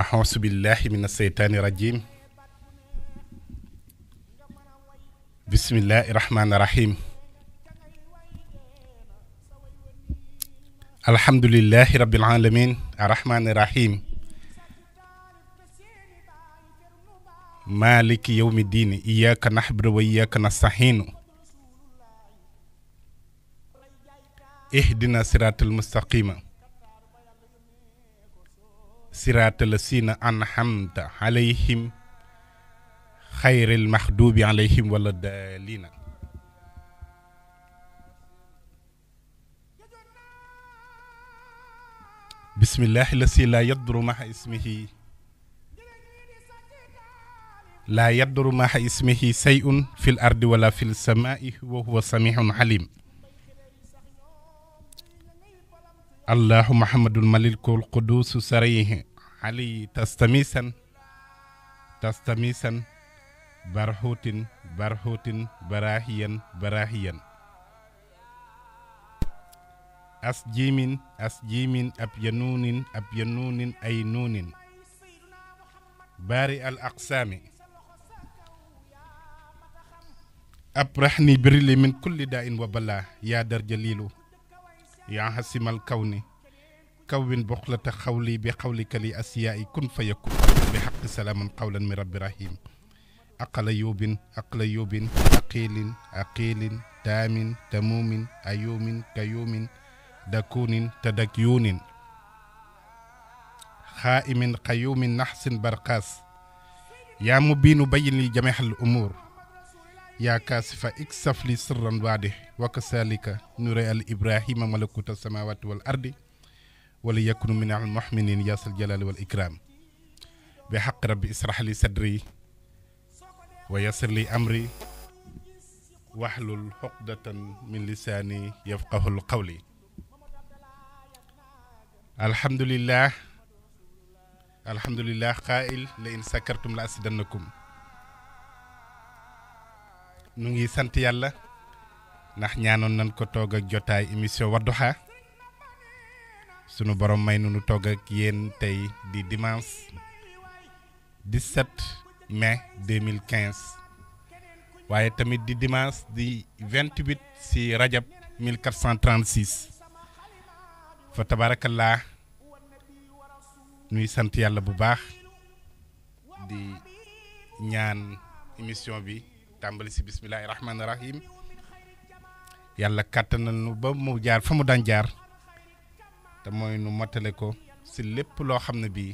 أعوذ بالله من الشيطان الرجيم بسم الله الرحمن الرحيم الحمد لله رب العالمين الرحمن الرحيم مالك يوم الدين إياك نحبر وإياك نستعين اهدنا صراط المستقيم صراط الذين أنعمت عليهم خير المحدوب عليهم ولا الضالين بسم الله الذي لا يضر مع اسمه لا يضر مع اسمه شيء في الأرض ولا في السماء وهو سميع عليم اللهم محمد الملك القدوس سريه علي تستميسا تستميسا برهوت برهوت براهيا براهيا أسجيمين أسجيمين أبينونين أبينونين أينونين بارئ الأقسام أبرحني برلي من كل داء وبلاء يا درجليلو يا حسم الكون كون بخلة خولي بقولك لأسياء كن فيكون بحق سلام قولا من رب رحيم أقل أيوب أقل أيوب أقيل أقيل دام تموم أيوم كيوم دكون تدكيون خائم قيوم نحس برقاس يا مبين بين لجميع الأمور يا كاسف اكسف لي سرا وكسالك وكذلك نري الإبراهيم ملكوت السماوات والأرض وليكن من المحمنين يا الجلال والإكرام بحق ربي اسرح لي صدري ويسر لي أمري واحلل حقدة من لساني يفقه القول الحمد لله الحمد لله قائل لئن سكرتم لأسدنكم nu ngi sant yàlla ndax ñaanoon nañ ko toog ak jotaay émission Wadduha sunu borom may nu nu toog ak yéen tey di dimanche 17 mai 2015 waaye tamit di dimanche di 28 si rajab 1436 fa tabaarakallaa nuy sant yàlla bu baax di ñaan émission bi. tàmbali si bisimilahi rahmaani rahim yàlla kàttanal nu ba mu jaar fa mu daan jaar te mooy nu mottale ko si lépp loo xam ne bii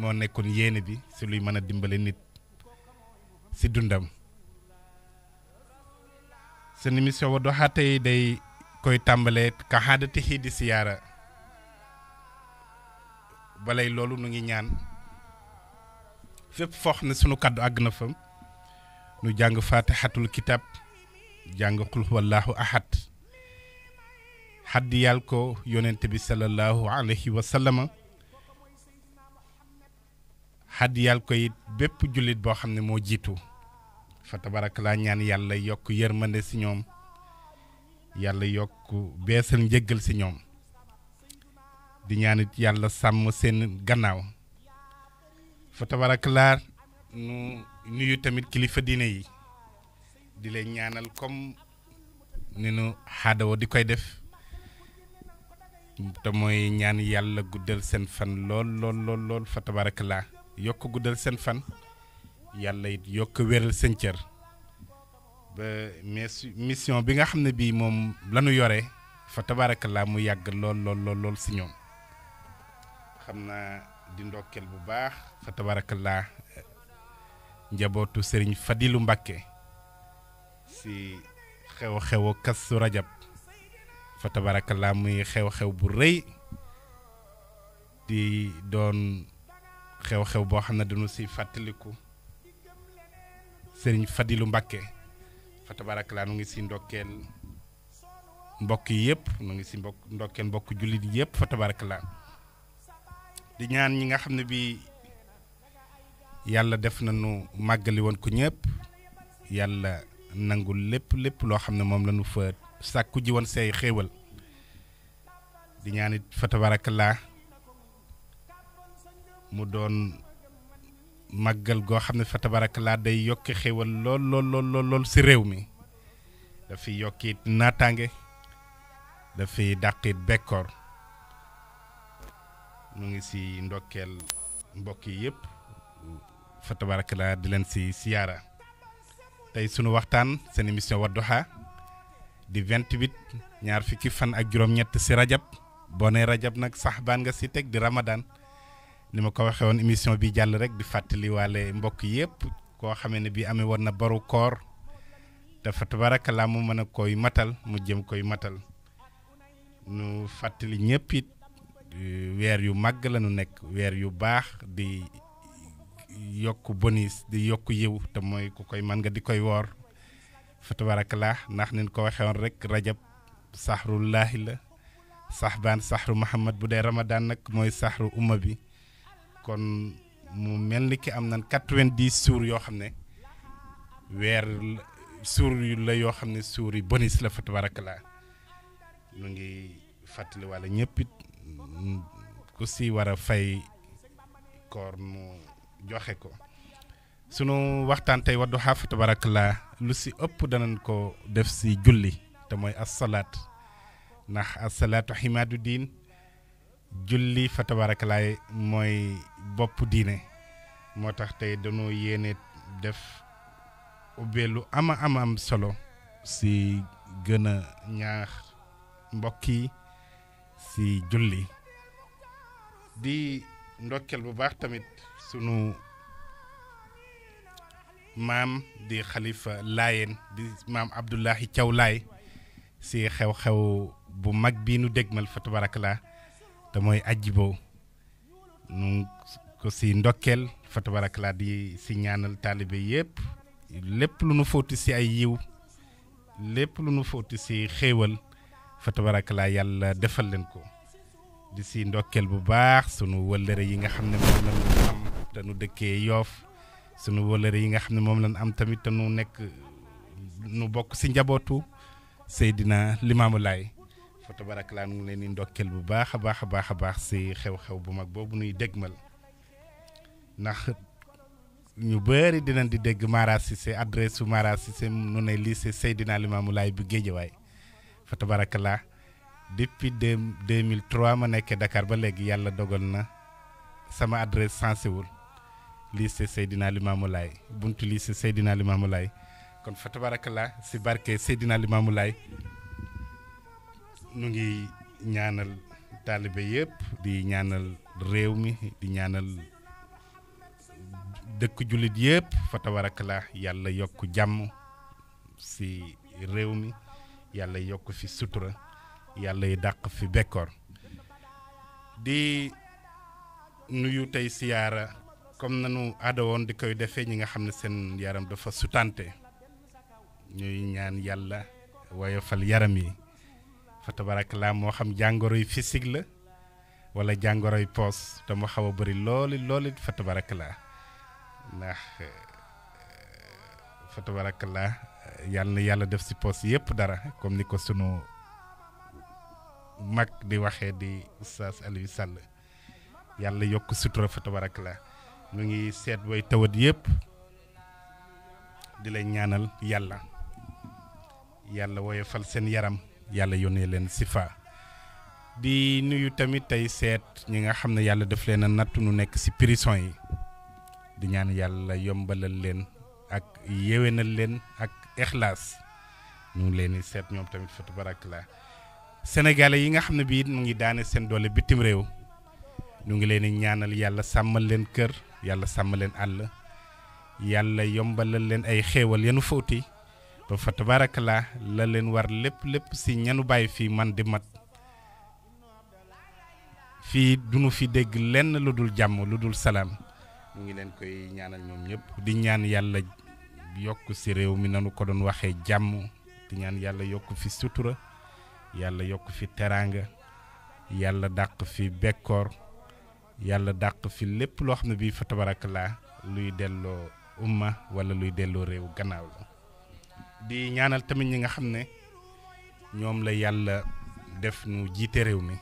moo nekkoon yéene bi si luy mën a dimbale nit si dundam seen émission Wadduha tey day koy tàmbalee ka xaadati xii di siyaara balay loolu nu ngi ñaan fépp foo xam sunu kàddu àgg na fa nu jàng faatixatul kitab jàng qul huwallaahu ahad xaddiyal ko yonent bi sallallahu alayhi wa sallama ko it bépp jullit boo xam ne moo jiitu fa tabarak laa ñaan yàlla yokk yërmande ci ñoom yàlla yokk beesal njëggal ci ñoom di ñaanit yàlla sàmm seen gannaaw fa tabarak nu nuyu tamit kilifa diine yi di leen ñaanal comme ni nu xaadawo di koy def te mooy ñaan yàlla guddal seen fan lool lool lool fa tabarakalaa yokk guddal seen fan yàlla it yokk wéral seen cër ba mission bi nga xam ne bii moom lanu yore fa tabarakalaa mu yàgg lool lool lool lool si ñoom xam naa di ndokkeel bu baax fa tabarakalaa njabootu sëriñ Fadilu Mbàkke si xew-xewu kassu rajab fa tabarakallah muy xew-xew bu rëy di doon xew-xew boo xam ne dañu si fàttaliku sëriñ Fadilu Mbàkke fa tabarakallah nu ngi si ndokkeel mbokk yi yëpp nu ngi si mbokk ndokkeel mbokk jullit yëpp fa tabarakallah di ñaan ñi nga xam ne yàlla def na nu màggali woon ko ñëpp yàlla nangul lépp lépp loo xam ne moom la nu sàkku ji woon say xéewal di ñaanit fa tabarakallah mu doon màggal goo xam ne fa day yokki xéewal lool lool lool lool réew mi dafay yokkit naataange dafay dàqit bekkoor mu ngi ci ndokkeel mbokk yi yëpp fa tabarakalaa di leen si siyaara tey sunu waxtaan seen Wadduha di 28 ñaar fukki fan ak juróom-ñett rajab boo nee rajab nag nga di ramadan ni ma ko waxee woon bi rek di fàttali waale mbokk yëpp koo xamee bi amee woon na baru koor dafa tabarakalaa mu mën koy matal mu jëm koy matal nu fàttali ñëpp it euh, yu màgg la nu yu di yokk bonis di yokk yiw te mooy ku koy man nga di koy woor fa tabarakallah ndax nin ko waxee woon rek rajab saxrullaahi la saxbaan saxru muhammad bu dee ramadan nag mooy saxru umma bi kon mu mel ni ki am na quatre-vingt-dix suur yoo xam ne weer suur la yoo xam ne suur yi la fa tabarakallah mu ngi fàttali wala ñëpp it ku si war a fay koor mu joxe ko sunu waxtaan tey waddu xaaf tabarakallah lu si ëpp danañ ko def si julli te mooy asalaat ndax asalaatu ximaadu diin julli fa tabarakallah mooy bopp diine moo tax tey dañoo yéene def ubbee lu ama ama am solo si gën a ñaax mbokk yi si julli di ndokkel bu baax tamit sunu maam di xalifa laayeen di maam Abdoulahi Thiaw Laay si xew-xew bu mag bii nu dégmal fa tabarakalaa te mooy ajiboo nu ko si ndokkeel fa di si ñaanal taalibe yépp lépp lu nu fóoti si ay yiw lépp lu nu fóoti si xéewal fa tabarakalaa yàlla defal leen ko di si ndokkeel bu baax sunu wëllëre yi nga xam ne moom la ñu am te nu dëkkee yoof sunu wëlëre yi nga xam ne moom lañ am tamit te nu nekk nu bokk si njabootu Seydina Limaamu Laay foto tabarakalaa nu ngi leen di ndokkeel bu baax a baax a baax a baax si xew-xew bu mag boobu nuy dégmal ndax ñu bëri dinañ di dégg Mara Cissé adresse su Mara si nu ne lycée Seydina Limaamu Laay bu Géejawaay fa tabarakalaa depuis deux 2003 ma nekkee dakaar ba léegi yàlla dogal na sama adresse sensé wul lycée Seydina Limamou Laye buntu lycée Seydina Limamou Laye kon fa tabarakallah si barke Seydina Limamou Laye nu ngi ñaanal taalibe yëpp di ñaanal réew mi di ñaanal dëkk jullit yëpp fa tabarakallah yàlla yokk jàmm si réew mi yàlla yokk fi sutura yàlla yi dàq fi bekkoor di nuyu tey siyaara comme nanu aada woon di koy defee ñi nga xam ne seen yaram dafa sutante ñuy ñaan yàlla woyofal yaram yi fa tabarakalaa moo xam jàngoroy physique la wala jàngoroy poos te mu xaw a bëri looli looli fa tabarakalaa ndax fa tabarakalaa yàlla na yàlla def si poos yëpp dara comme ni ko sunu mag di waxee di oustaz Aliou Sall yàlla yokk sutura fa ñu ngi seet way tawat yépp di lay ñaanal yàlla yàlla woye fal seen yaram yàlla yone leen sifa di nuyu tamit tey seet ñi nga xam ne yàlla daf leen a nu nekk si prison yi di ñaan yàlla yombalal leen ak yewenal leen ak ixlaas ñu leen set seet ñoom tamit fa tabarakallah sénégalais yi nga xam ne bii mu ngi daane seen doole bitim réew ñu ngi leen ñaanal yàlla sàmmal leen kër yàlla sàmm leen àll yàlla yombal yombalal leen ay xéewal yanu fóoti ba fa tabaarakalaa la leen war lépp lépp si ñanu baay fii man di mat fii duñu fi dégg lenn lu dul jàmm lu dul salaam mu ngi leen koy ñaanal ñoom ñëpp di ñaan yàlla yokk ci réew mi nanu ko doon waxee jàmm di ñaan yàlla yokk fi sutura yàlla yokk fi teraanga yàlla dàq fi bekkoor yàlla dàq fi lépp loo xam ne bii fa tabarakallah luy delloo umma wala luy delloo réew gannaaw la di ñaanal tamit ñi nga xam ne ñoom la yàlla def nu jiite réew mi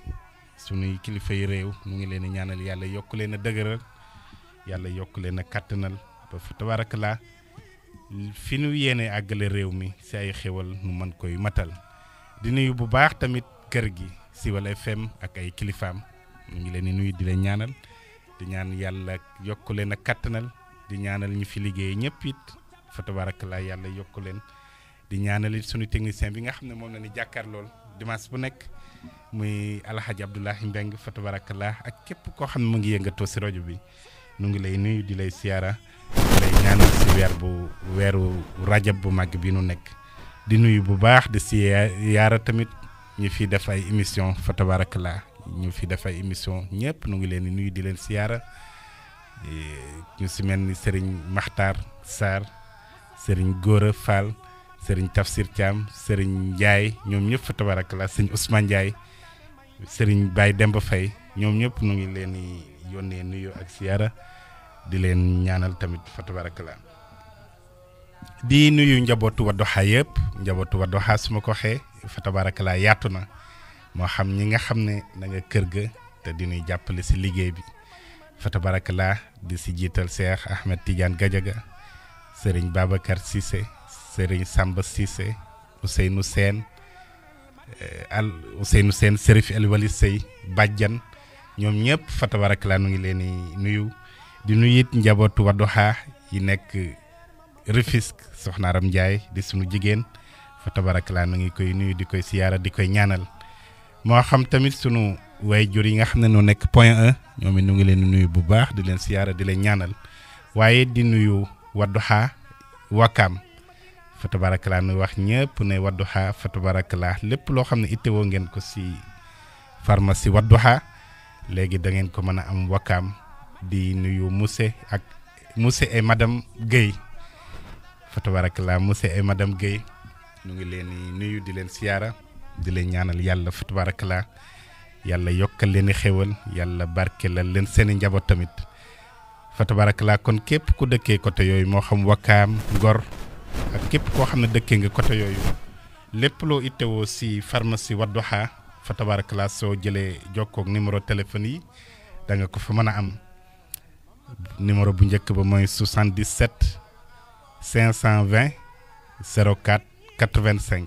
sunuy kilifa yi réew mu ngi leen di ñaanal yàlla yokk leen a dëgëral yàlla yokk leen a kàttanal ba fa tabarakallah fi nu yéene àggale réew mi si ay xéwal nu mën koy matal di nuyu bu baax tamit kër gi Siwal FM ak ay kilifaam ñu leen di nuyu di leen ñaanal di ñaan yàlla yokk leen ak kattanal di ñaanal ñu fi liggéey ñëpp it fa tabarakallah yàlla yokk leen di ñaanal it suñu technicien bi nga xam ne moom la ni jàkkaar lool dimanche bu nekk muy alhaji abdoulahi mbeng fa tabarakallah ak képp koo xam ne mu ngi yëngatoo si rojo bi nu ngi lay nuyu di lay siyaara lay ñaanal si weer bu weeru rajab bu mag bi nu nekk di nuyu bu baax di siara tamit ñu fi def ay émission fa tabarakallah ñu fi def ay émission ñëpp nu ngi leen di nuyu di leen siyaara ñu si mel ni sëriñ Makhtar Sarr Serigne Gora Fall Serigne Tafsir Thiam Serigne Ndiaye ñoom ñëpp fa tabarakallah Serigne Ousmane Ndiaye Serigne Baye Demba Faye ñoom ñëpp nu ngi leen di yónnee nuyu ak siyaara di leen ñaanal tamit fa tabarakallah di nuyu njabootu Wadduha yëpp njabootu Wadduha su ma ko waxee fa tabarakallah yaatu na. moo xam ñi nga xam ne na nga kër ga te dinuy jàppale si liggéey bi fa tabarakallah di si jiital Cheikh Ahmed Tidiane Gadiaga sëriñ Babacar Cissé sëriñ Samba eh, al Serif El Wali Sey Badiane ñoom ñëpp ngi leen di nuyu di nuyit it njabootu Wadduha yi nekk Rufisque soxna Aram Ndiaye di sunu jigéen fa tabarakallah ngi koy nuyu di koy siyaara di koy ñaanal moo xam tamit sunu way jur yi nga xam ne noo nekk point 1 ñoom it nu ngi leen nuyu bu baax di leen siyaara di leen ñaanal waaye di nuyu wadduha wakkaam fa tabarakalaa nuy wax ñëpp ne wadduha fa tabarakalaa lépp loo xam ne ittewoo ngeen ko si pharmacie léegi da ngeen ko mën a am wakkaam di nuyu muse ak muse et madame gay fa muse monsieur et madame Guèye nu ngi leen nuyu di leen siyaara di leen ñaanal yàlla fa tabarakalaa yàlla yokkal leen i xéwal yàlla barkelal leen seen i njaboot tamit fa tabarakalaa kon képp ku dëkkee côté yooyu moo xam wakaam Ngor ak képp koo xam ne dëkkee nga côté yooyu lépp loo ittewoo si pharmacie Wadduha fa tabarakalaa soo jëlee jokkook numéro téléphone yi da nga ko fa mën a am numéro bu njëkk ba mooy 77 520 04 85.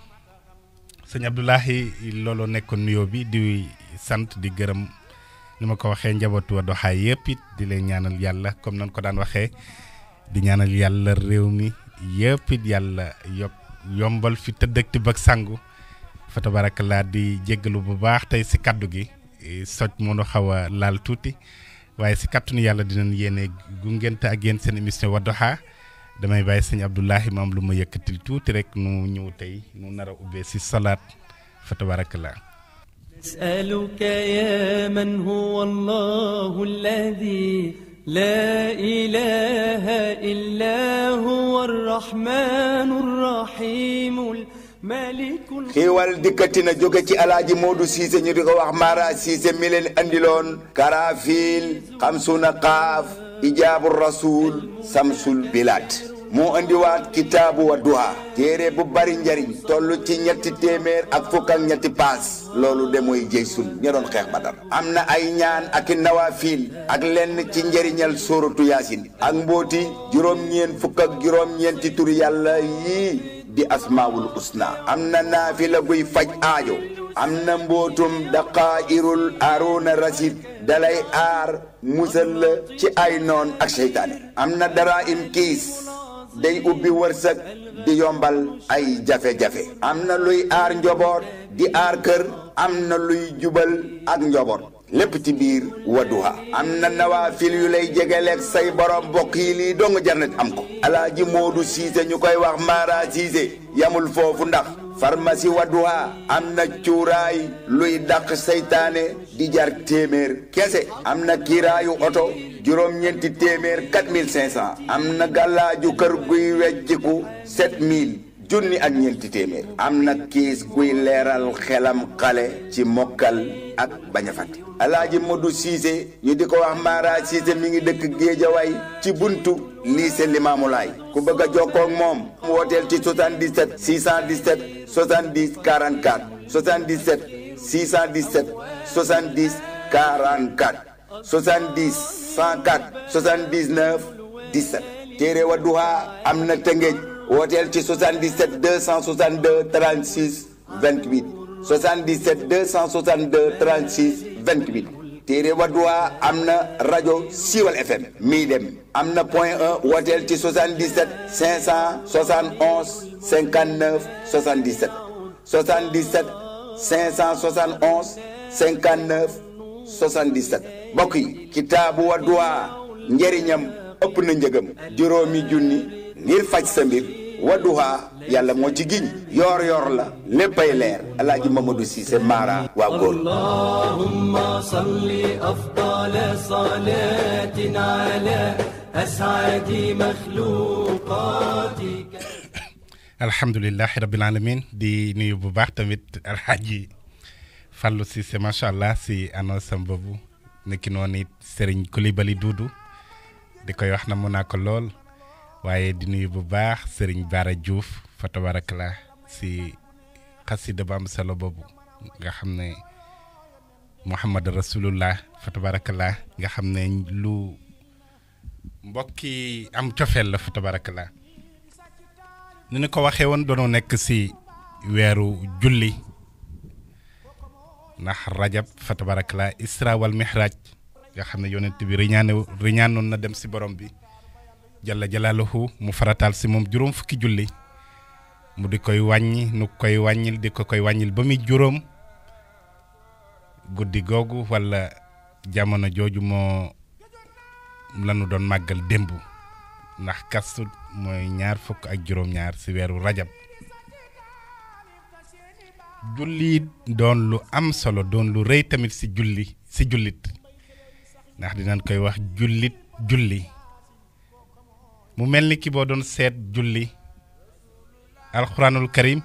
sëñ Abdoulahi loolu nekkoon nuyoo bi di sant di gërëm ni ma ko waxee njabootu pit it di leen ñaanal yàlla comme nan ko daan waxee di ñaanal yàlla réew mi yëpp it yàlla yokk yombal fi tëddëgti bak sangu fa tabarakalaa di jéggalu bu baax tey si kaddu gi eh, soj mënu xaw a laal tuuti waaye si yàlla dinañ yéene ak yéen seen émission damay bàyyi sëñ abdullah maam lu ma yëkkatil tuuti rek nu ñëw tey nu nar a ubbee si salaat fa tabarakallah نسألك يا من هو الله الذي لا إله إلا هو الرحمن الرحيم الملك xiiwal dikkati na jóge ci alaaji Modou Cissé ñu di ko wax Mara Cissé mi leen andiloon karafiil xamsuna xaaf ijaabu rasul samsul bilaat moo indiwaat kitaabu wa duha téere bu bari njariñ toll ci ñetti téeméer ak fukk ak ñetti paas loolu de mooy jëy sun ña doon xeex ba dara am na ay ñaan ak i nawafiil ak lenn ci njariñal sóoratu yaasin ak mbóoti juróom-ñeen fukk ak juróom-ñeenti turi yàlla yii di asmaawul usna am na naafila guy faj aajo am na mbootum daqaa'irul aaroona rasid dalay aar musal ci ay noon ak seytaane am na dara im kiis day ubbi wërsëg di yombal ay jafe-jafe am na luy aar njoboot di aar kër am na luy jubal ak njaboot lépp ci biir Wadduha am na nawaafil yu lay jegeleeg say borom mbokk yi lii dong jar am ko alaaji Moodu Siise ñu koy wax Mara Siise yamul foofu ndax farmasi Wadduha am na cuuraay luy dàq seytaane di jar téeméer kese am na kiiraayu oto juróom-ñeenti téeméer 4500 am na gàllaaju kër guy wejjiku 7000 junni ak ñeenti téeméer am na kiis guy leeral xelam xale ci mokkal ak bañ a alaaji Modou Cissé ñu di ko wax Mara Cissé mi ngi dëkk Géejawaay ci buntu lycée Limaamulaay ku bëgg a jokkoo ak moom mu wooteel ci 77 617 70 44 77 617 70 44 70 104 79 17 téere Wadduha am na Tëngéej wooteel ci 77 262 36 28 77 262 36 28 téere Wadduha am na rajo Siwal FM mi dem am na point 1 wooteel ci 77 571 59 77 77 571 59 77 mbokk yi kitaabu Wadduha njëriñam ëpp na njëgam juróomi junni ngir faj sa mbir ودها يلا موجيجين يور يور لا لبي لير الله محمد سيسي مارا وقول اللهم صل أفضل صلاة على أسعد مخلوقاتك الحمد لله رب العالمين دي نيو بوباخ تاميت الحاجي فالو سيسي ما شاء الله سي أنا سمبابو نكي نوني سرين كوليبالي دودو دي كوي وحنا موناكو لول waaye di nuyu bu baax Serigne Bara Diouf fa tabarakala si xasida ba am solo boobu nga xam Muhammad Rasulullah fa tabarakala nga xam lu mbokki am cofeel la fa tabarakala ni ñu ko waxee woon doonoo nekk si weeru julli ndax rajab fa tabarakala isra wal mihraj nga xam ne yonent bi riñaane riñaanoon na dem si borom bi jalla jalaaluhu mu farataal si moom juróom fukki julli mu di koy wàññi nu koy wàññil di ko koy wàññil ba muy juróom guddi googu walla jamono jooju moo lanu doon màggal démb ndax kastu mooy ñaar fukk ak juróom-ñaar si weeru rajab julli doon lu am solo doon lu rëy tamit si julli si jullit ndax dinañ koy wax jullit julli mu mel ni ki boo doon seet julli alxuraanul karim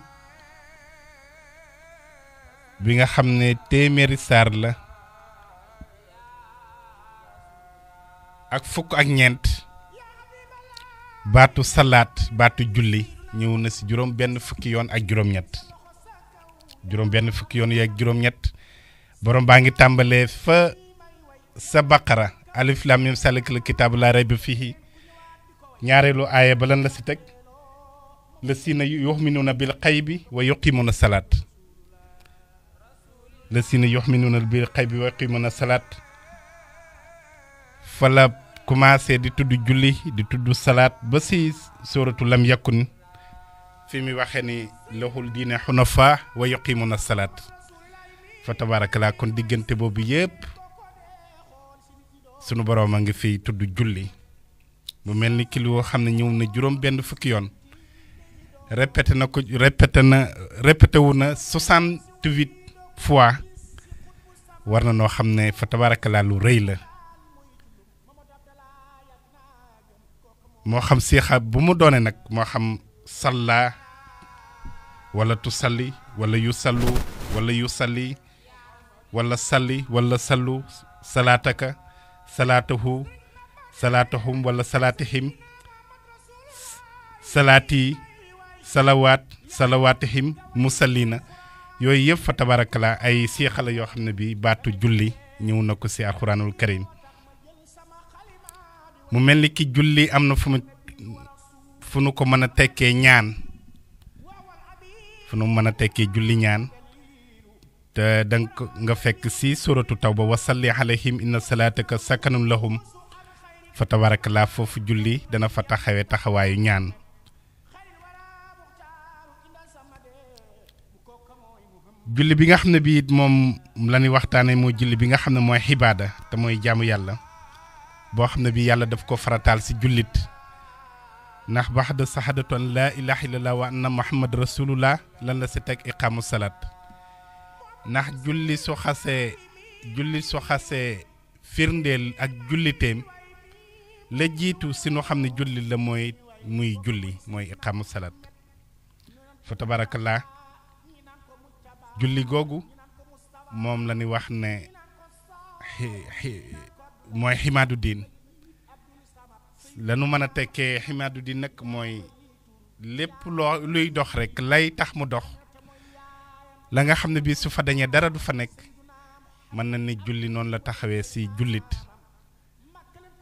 bi nga xam ne téeméeri saar la ak fukk ak ñeent baatu salaat baatu julli ñëw na ci juróom benn fukki yoon ak juróom-ñett juróom benn fukki yoon yi ak juróom-ñett borom baa ngi tàmbalee fa sa baqara alif lam mim salikal kitaabu laa rayba fihi ñaarelu aaya ba lan la si teg la sina na bil xaybi wa yuqimuna salat la sina na bil xaybi wa yuqimuna salat fala commencé di tudd julli di tudd salat ba si suratu lam yakun fi mi waxe ni lahul diine hunafa wa yuqimuna salat fa tabaarakalaa kon diggante boobu yëpp sunu boroom a ngi fi tudd julli mu mel ni kili woo xam ne ñëw na juróom benn fukki yoon répété na ko répété na répété wu na soixante-huit fois war na noo xam ne fa tabaarakalaa rëy la moo xam seexa bu mu doone nag moo xam salla wala tu salli walla yu sallu walla yu salli walla salli wala sallu salaataka salaatahu salatuhum wala salatihim salati salawat salawatihim musallina yoy yef fa tabarakalaa ay seexala yo xamne bi batu julli ñëw na ko ci alquranul karim mu melni ki julli amna fu mu fu nu ko meuna tekke ñaan fu nu meuna tekke julli ñaan te danga nga fekk si suratu tawba wa salli alaihim inna salataka sakanun lahum fa tabarakalaa foofu julli dana fa taxawee taxawaayu ñaan julli bi nga xam ne bii moom la ñuy waxtaanee mooy julli bi nga xam ne mooy xibaada te mooy jaamu yàlla boo xam ne bii yàlla daf ko farataal si jullit ndax baxda saxadatu an laa ilaha illallah wa anna muhammad rasulullah lan la si teg iqaamu salaat ndax julli su xasee julli su xasee firndeel ak julliteem la jiitu si nu xam ne jullit la mooy muy julli mooy iqaamu salaat fa tabarakallah julli googu moom la ñu wax ne mooy ximaadu diin la mën a tekkee ximaadu diin nag mooy lépp loo luy dox rek lay tax mu dox la nga xam ne bii su fa dañee dara du fa nekk mën na ne julli noonu la taxawee si jullit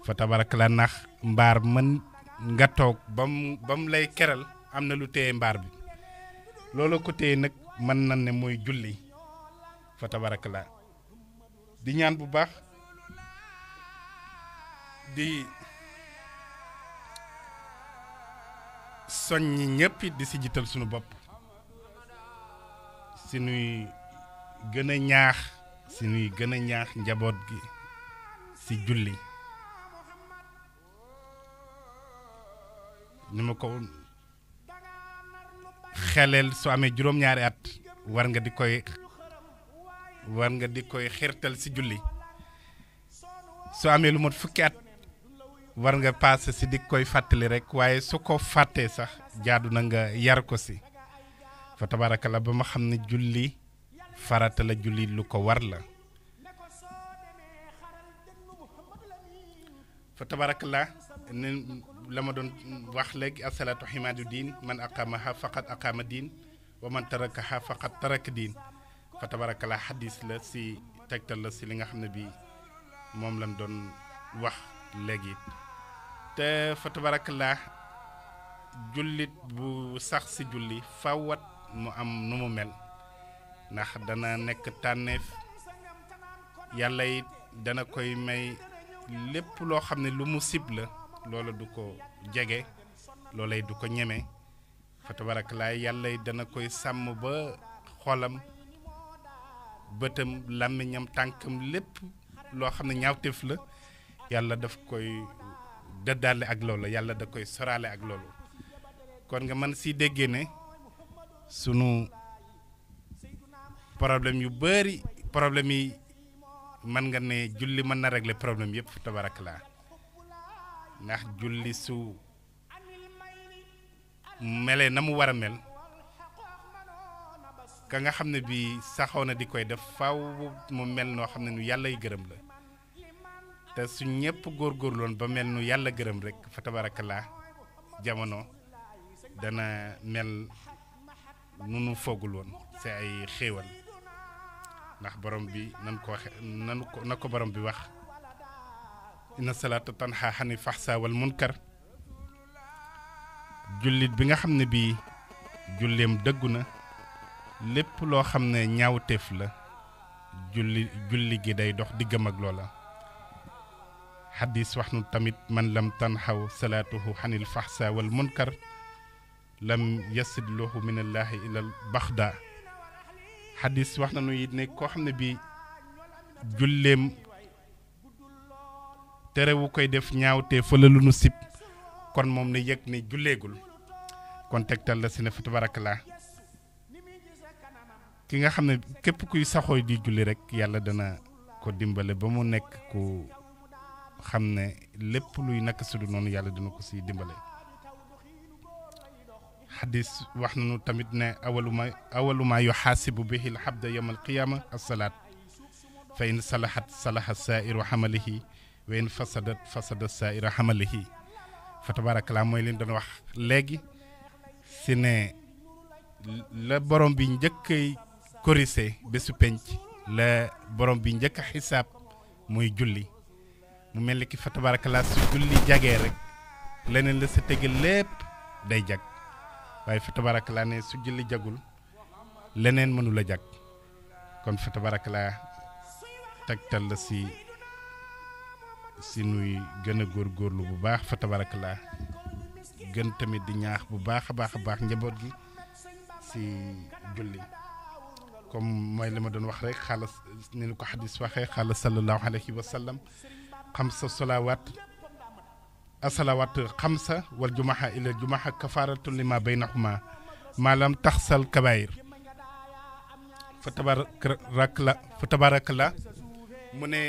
fa tabarak la ndax mbaar mën nga toog ba mu ba mu lay keral am na lu téye mbaar bi loolu ko téye nag mën na ne mooy julli fa tabarak la di ñaan bu baax di soññi ñëpp di si jiital suñu bopp si nuy a ñaax si nuy gën ñaax njaboot gi si julli ni ma ko xeleel su amee juróom-ñaari at war nga di koy war nga di koy xirtal ci julli su amee lu mat fukki at war nga paase si di koy fàttali rekk waaye su ko fàttee sax jaadu na nga yar ko si fa tabaraka la ba ma xam ne julli farata la julli lu ko war la fa tabaraka la لما دون وخلق أسلة حماد الدين من أقامها فقط أقام الدين ومن تركها فقط ترك الدين فتبارك الله حديث لسي تكتل لسي لنغا حمد موم لم دون وخ لغي فتبارك الله جلد بو سخص جلد فوت مو أم نمو مل نح دانا نك تانف يالايت دانا كوي مي لپ لو خمني لو مصيب loolu du ko jege loolay du ko ñeme fa tabarakalaa yàlla dana koy sàmm ba xolam bëtam làmmiñam tànkam lépp loo xam ne ñaawteef la yàlla daf koy dëddaale ak loolu yàlla daf koy soraale ak loolu kon nga mën si déggee ne sunu problème yu bëri problème yi man nga ne julli mën na régler problème yëpp tabarak laa ndax julli su melee na mu war a mel ka nga xam ne bii saxoon na di koy def faw mu mel noo xam ne nu yàlla gërëm la te su ñëpp góorgóorloon ba mel nu yàlla gërëm rek fa tabarakallah jamono dana mel nu nu foogul woon si ay xéewal ndax borom bi nan ko waxe nanu na ko borom bi wax inna salaata tanha xani faxsa wal munkar jullit bi nga xam ne bii julleem dëggu na lépp loo xam ne ñaawteef la julli julli gi day dox diggam ak loola xadis wax nu tamit man lam tanxaw salaatuhu xanil faxsa wal munkar lam yasidluhu min allaahi ilal baxda xadis wax na nu it ne koo xam ne bii julleem terewu koy def ñaawte te fële lu nu sip kon mom ne yek ne julleegul kon tektal la sene fatu fa tabarakalaa ki nga xamne kep kuy saxoy di julli rek yàlla dana ko dimbale ba mu nek ku xamne lépp luy nakk sudu non yàlla dana ko ci dimbale hadith waxna nu tamit ne awaluma awaluma yuhasibu yu xaasibu bihi alxabda yawma alqiyaama alsalaat fa in salahat salaha saairu xamalihi weyn fasadat fasadat saira xamalihi fa tabaarakala mooy leen doon wax léegi si ne la borom bi njëkk korise bésu penc la borom bi njëkk a xisaab muy julli mu mel ni ki fa tabaarakala su julli jagee rek leneen la sa tege lépp day jag waaye fa tabaarakala ne su julli jagul leneen mënu la jag kon fa tabaarakala la si si nuy gën a góorgóorlu bu baax fa tabarakallah gën tamit di ñaax bu baax a baax a baax njaboot gi si julli comme mooy li ma doon wax rek xaala ni ñu ko xadis waxee xaala sallallahu alayhi wa sallam xam sa solawaat asalawaat xam sa wal jumaxa ila jumaxa kafaaratu li ma baynahuma maanaam taxsal kabaayir fa tabarak la fa tabarak la mu ne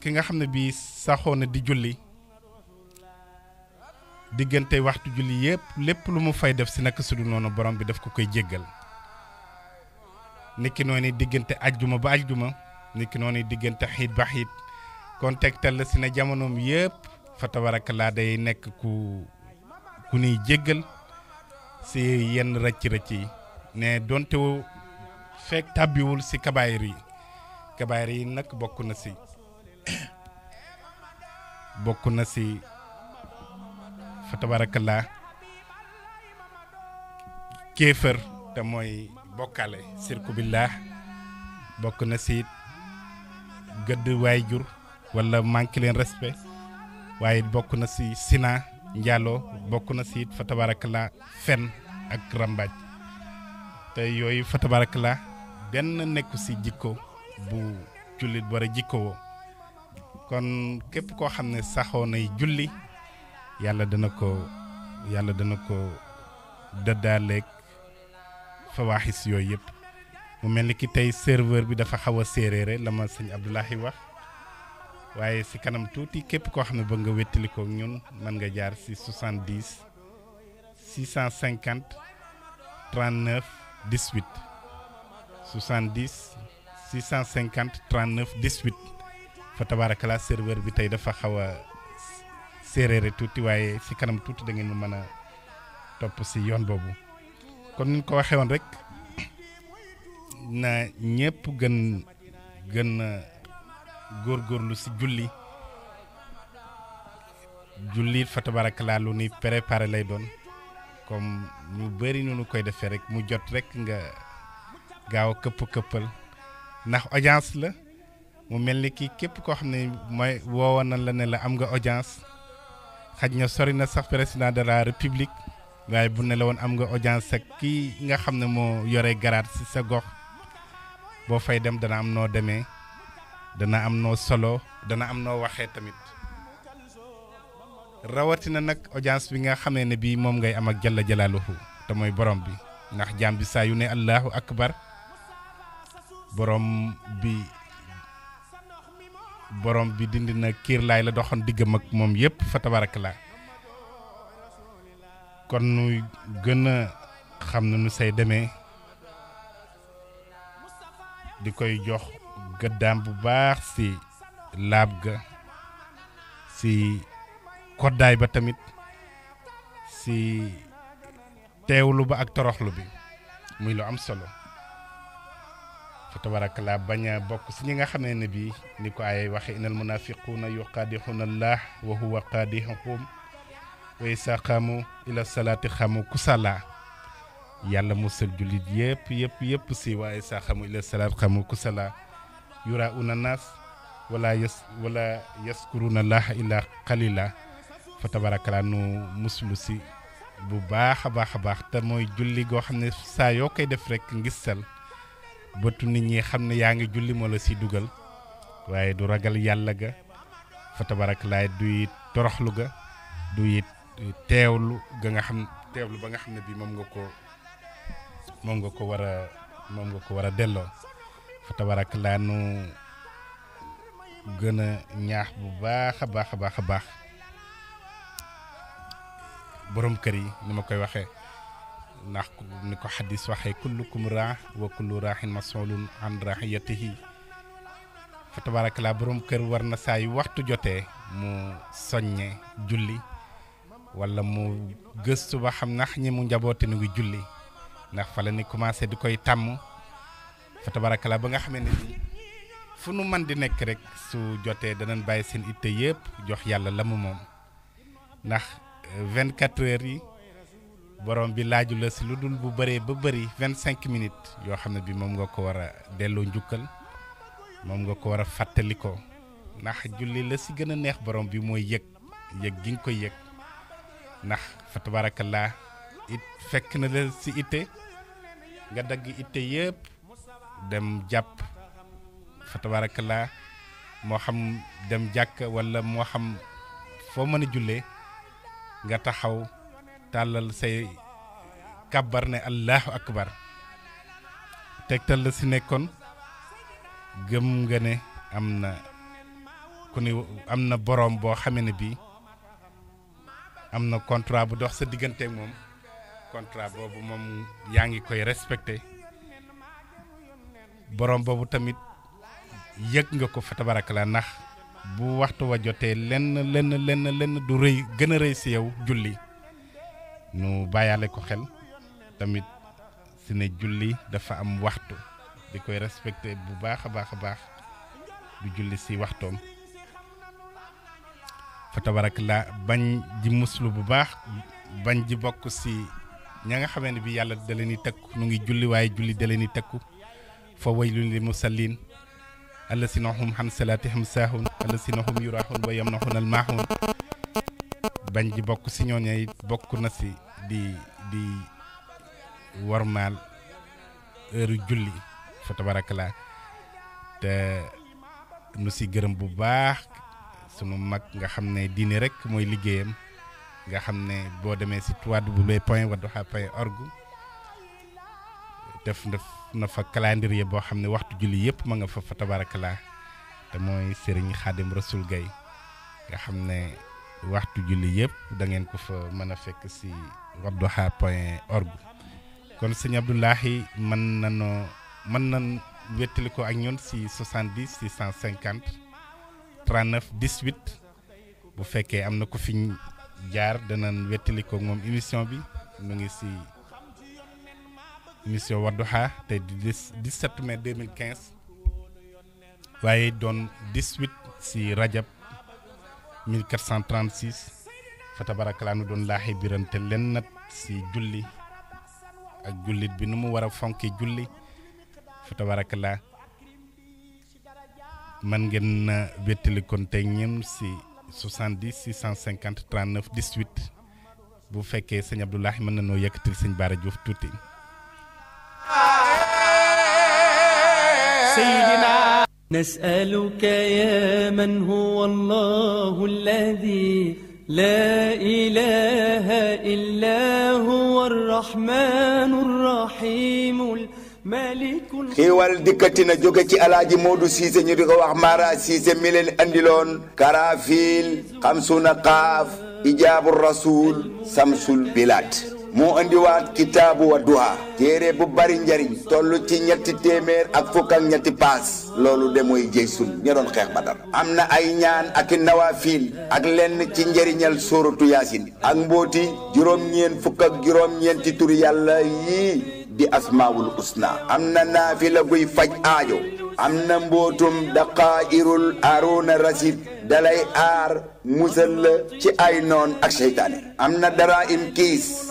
ki nga xam ne bii saxoo na di julli diggante waxtu julli yépp lépp lu mu fay def si naka sudu noonu borom bi daf ko koy jéggal niki noonu diggante ajjuma ba ajjuma niki noonu diggante xiit ba xiit kon tegtal la si ne jamonoom yépp fa tabarakalaa day nekk ku ku nuy jéggal si yenn rëcc-rëcc yi ne donte fekk tàbbiwul si kabaayir yi kabaayir yi nag bokk na si bokk na si fa kéefër te mooy bokkale sirku billah bokk na si gëdd waay jur wala manqué leen respect waaye bokk na ci sina njaaloo bokk na si fa tabarakallah fen ak rambaaj te yooyu fa tabarakallah benn nekku si jikko bu jullit war jikkowoo kon képp koo xam ne saxoo nay julli yàlla dana ko yàlla dana ko dëddaaleeg fawaaxis yooyu yëpp mu mel ni ki tey serveur bi dafa xaw a séeréere la ma sëñ Abdoulahi wax waaye ci kanam tuuti képp koo xam ne bëgg nga wettilikook ñun mën nga jaar si 70 650 39 18 70 650 39 18 fa tabaarakala bi tey dafa xaw a séeréere tuuti waaye si kanam tuuti da ngeen mën a topp si yoon boobu kon ni ko waxee woon rek na ñëpp gën gën a góorgóorlu ci julli jullit fa tabaarakala lu ni préparé lay doon comme ñu bëri nu koy defee rek mu jot rek nga gaaw a këpp këppal ndax audience la. mu mel ni kii képp koo xam ne mooy woowoon na la ne la am nga audience xaj na sori na sax président de la république waaye bu ne la woon am nga audience ak kii nga xam ne moo yore garaat ci sa gox boo fay dem dana am noo demee dana am noo solo dana am noo waxee tamit rawatina nag audience bi nga xamee ne bii moom ngay am ak jalla jalaaluhu te mooy borom bi ndax jaam bi saa yu ne allahu akbar borom bi. borom bi dindi na kiirlaay la doxoon diggam ak moom yëpp fa tabarakalaa kon nu gën xam na nu say demee di koy jox gëddaam bu baax si laab ga si koddaay ba tamit si teewlu ba ak toroxlu bi muy lu am solo تبارك الله بنيا بوك سنيغا خامي نبي نيكو اي واخي ان المنافقون يقادحون الله وهو قادحهم ويساقموا الى الصلاه خامو كسالا يالا موسل جوليت ييب ييب ييب سي واي ساخامو الى الصلاه خامو كسالا يراؤون الناس ولا يس ولا يذكرون الله الا قليلا فتبارك الله نو مسلوسي بو باخ باخ باخ تا موي جولي غو خامني سا bëtu nit ñi xam ne yaa ngi julli moo la si dugal waaye du ragal yàlla ga fa barak laay duy it toroxlu ga du it teewlu ga nga xam teewlu ba nga xam ne bii moom nga ko moom nga ko war a moom nga ko war a delloo fa tabarak laa nu gën a ñaax bu baax a baax a baax a baax boroom kër yi ni ma koy waxee ndax ni ko xadis waxee kullukum raax wa kullu raaxin masulun an raxiyatihi fa tabarakalaa boroom kër war na saay waxtu jotee mu soññe julli wala mu gëstu ba xam ndax ñi mu njaboote nu ngi julli ndax fa ni commencé di koy tàmm fa tabarakalaa ba nga xamee ni fu nu man di nekk rek su jotee danañ bàyyi seen te yëpp jox yàlla la mu moom ndax 24 heures yi borom bi laajula si lu dul bu baree ba bari vingt cinq minutes yoo xam ne bi moom nga ko war a delloo njukkal moom nga ko war a fàttalikoo ko ndax julli la ci gën a neex borom bi mooy yëg yëg gi nga koy yëg ndax fa tabarakallah it fekk na la si itte nga dagg itte yëpp dem jàpp fa moo xam dem jàkk walla moo xam foo mën a jullee nga taxaw tàllal say kàbbar ne allahu akbar tegtal la si nekkoon gëm nga ne am na ku ni am na borom boo xamee ne bii am na contrat bu dox sa diggante moom contrat boobu moom yaa ngi koy respecté borom boobu tamit yëg nga ko fa tabarakala ndax bu waxtu wa jotee lenn lenn lenn lenn du rëy gën a rëy si yow julli nu bayale ko xel tamit si julli dafa am waxtu di koy respecté bu baax a baax du julli si waxtom fa tabarakallah bañ di muslu bu baax bañ di bokk si ña nga xamene bi yàlla daleni tekk nu ngi julli way julli daleni tekk fa waylun lil musallin allasina hum han salaatihim saahun allasina hum wa yamnahun almaahun bañ di bokk si ñooñu bokk na si di di warmaal heure julli fa tabarakalaa te nu si gërëm bu baax sunu mag nga xam ne diine rek mooy liggéeyam nga xam ne boo demee si www point wadduha point org def na fa calendrier boo xam ne waxtu julli yëpp ma nga fa fa tabarakalaa te mooy sëriñ Khadim Rasoul Gaye nga xam ne waxtu julli yëpp da ngeen ko fa mën a fekk si wadduha point org kon sëñ Abdoulahi mën nanoo mën nan wettali ko ak ñun si 70 650 39 18 bu fekkee am na ko fi jaar danañ wettali ko moom émission bi mu ngi si émission wadduha te 17 mai 2015 waaye doon 18 si rajab 1436 fa tabarakala nu doon laaxe birante lennat si julli ak jullit bi nu mu war a fonke julli fa tabarakala mën ngeen wettali kon tey ñem si 70 650 39 18 bu fekkee sëñ Abdoulahi mën na noo yëkkatil sëñ Diouf tuuti. Seydina نسألك يا من هو الله الذي لا إله إلا هو الرحمن الرحيم الملك كي والدكتنا جوكي على جمود سيزن يرغو وحمارا سيزن ملين أندلون كرافيل خمسون قاف إجاب الرسول سمسول بلاد moo indiwaat kitaabu Wadduha téere bu bari njariñ toll ci ñetti téeméer ak fukk ak ñetti paas loolu de mooy jëy sun ña doon xeex Badar am na ay ñaan ak i nawafiil ak lenn ci njariñal sóoratu yaasin ak mbóoti juróom-ñeen fukk juróom-ñeenti tur yàlla yii di asmaawul usna am na naafila guy faj aajo am na mbootum daqaayirul aruuna rasid dalay aar musal ci ay noon ak seytaane am na dara im kiis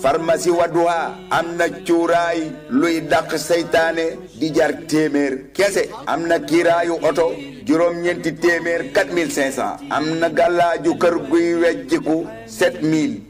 pharmacie Wadduha am na cuuraay luy dàq seytaane di jar téeméer kese am na kiiraayu oto juróom-ñeenti téeméer 4500 am na gàllaaju kër guy wejjiku 7000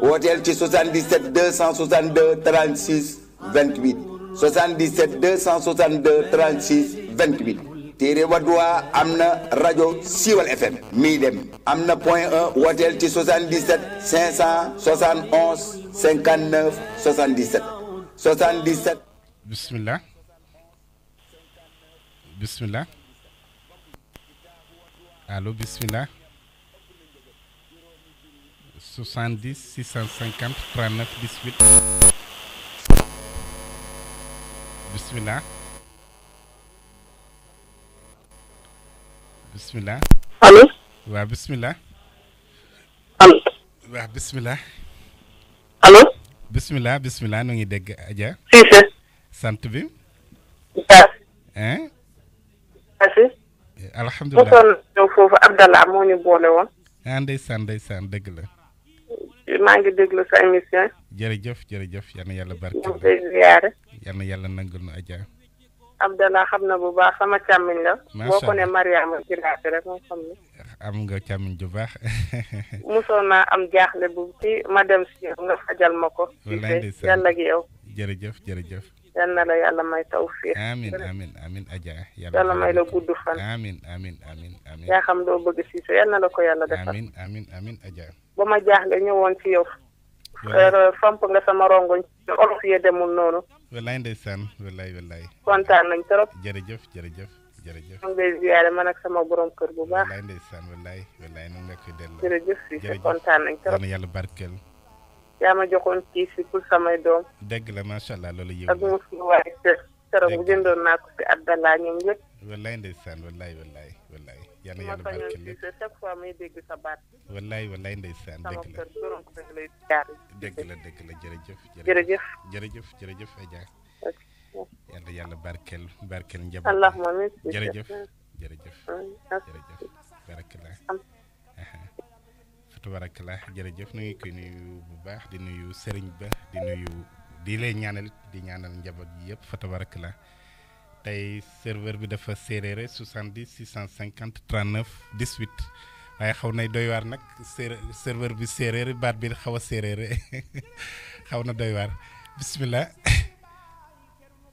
hôtel 77 262 36 28 77 262 36 28. Tire Wadoua, Amna, Radio Siwal FM Midem dem 77 571 59 77 77. Bismillah. Bismillah. allo Bismillah. 70 650 39 18 bismillah bismillah allo waaw bismillah alo waaw bismillah allo bismillah bismillah nu ngi dégg Adja Cissé sant bi hein alhamdulilah mosoon foofu Abdallah moo ñu boole woon ah ndeysaan ndeysaan dëgg la maa ngi déglu sa émission. jërëjëf jërëjëf yal na yàlla barke. ñu ngi koy ziare. yal yàlla nangal nu Adja. Abdallah xam na bu baax sama càmmiñ la. boo ko ne Mariama Dilaate rek moo xam ne. am nga càmmiñ bu baax. musoon naa am jaaxle bu ci ma dem si yow nga fajal ma ko. yàlla gi yow. jërëjëf jërëjëf. yal na la yàlla may tawfiq amin amin amin aja yàlla may la gudd fan amin amin amin amin yaa xam loo bëgg si so yal na la ko yàlla defal amin amin ma jaaxle ñëwoon ci yow er, euh, famp nga sama rongoñ olof yee demul noonu wallaay ndeysaan wallaay wallaay kontaan lañ trop jërëjëf jërëjëf jërëjëf ñu ngi lay ziyaare man sama borom kër bu baax wallaay ndeysaan wallaay wallaay nu ngi la koy delloo jërëjëf si kontaan nañ trop yàlla barkeel yaa ma joxoon kii si pour samay doom. dëgg la macha allah loolu yëngu. ak mosu waaye kër. dëgg bu jëndoon naa ko si Abdallah ñoom yëpp. wallaay ndeysaan wallaay wallaay wallaay. yal na yàlla barkeel lépp chaque fois may dégg sa baat. wallaay wallaay la dëgg la dëgg barkeel barkeel njaboot. fa tabarakallah jërëjëf nu ngi koy nuyu bu baax di nuyu sëriñ ba di nuyu di lay ñaanal di ñaanal njaboot yi yëpp fa tabarakallah tey serveur bi dafa séeréere 70 650 39 18 waaye xaw nay doy waar nag serveur bi séeréer baat bi xaw a séeréer xaw na doy waar bismillah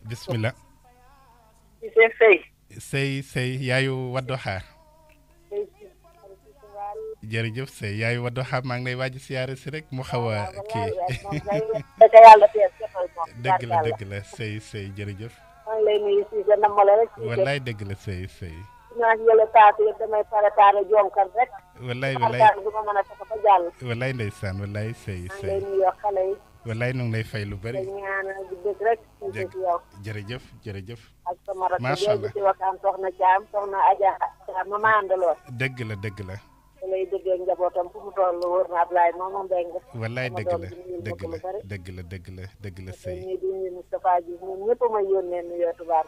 bismillah sëy sëy yaayu Wadduha jërëjëf sa yaay Wadduha maa ngi lay waaj siyaare si rek mu xaw a dëgg la dëgg la sëy sëy jërëjëf wallaay dëgg la sëy wallaay wallaay ndeysaan lay fay lu bari jërëjëf jërëjëf macha allah dëgg la dëgg la lay déggee njabootam fu mu toll wër na Ablaye wallaay dëgg la dëgg la dëgg la dëgg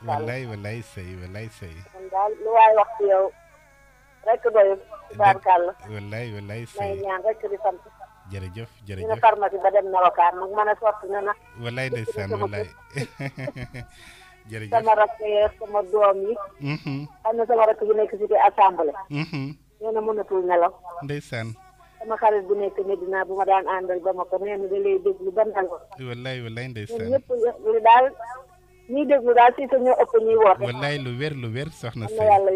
wallaay wallaay sëy wallaay a sotti sama doom yi. xam mm-hmm. na sama rakk yi nekk ci assemblée. Mm-hmm. nee na mënatul nelaw. ndeysaan. sama xarit bu nekk Medina bu ma daan àndal ba ma ko nee na da lay ba nelaw. wallaay wallaay ndeysaan ñun ñëpp lu daal ñuy daal si ñoo ëpp ñuy woote. wallaay lu wér lu wér soxna si. yàlla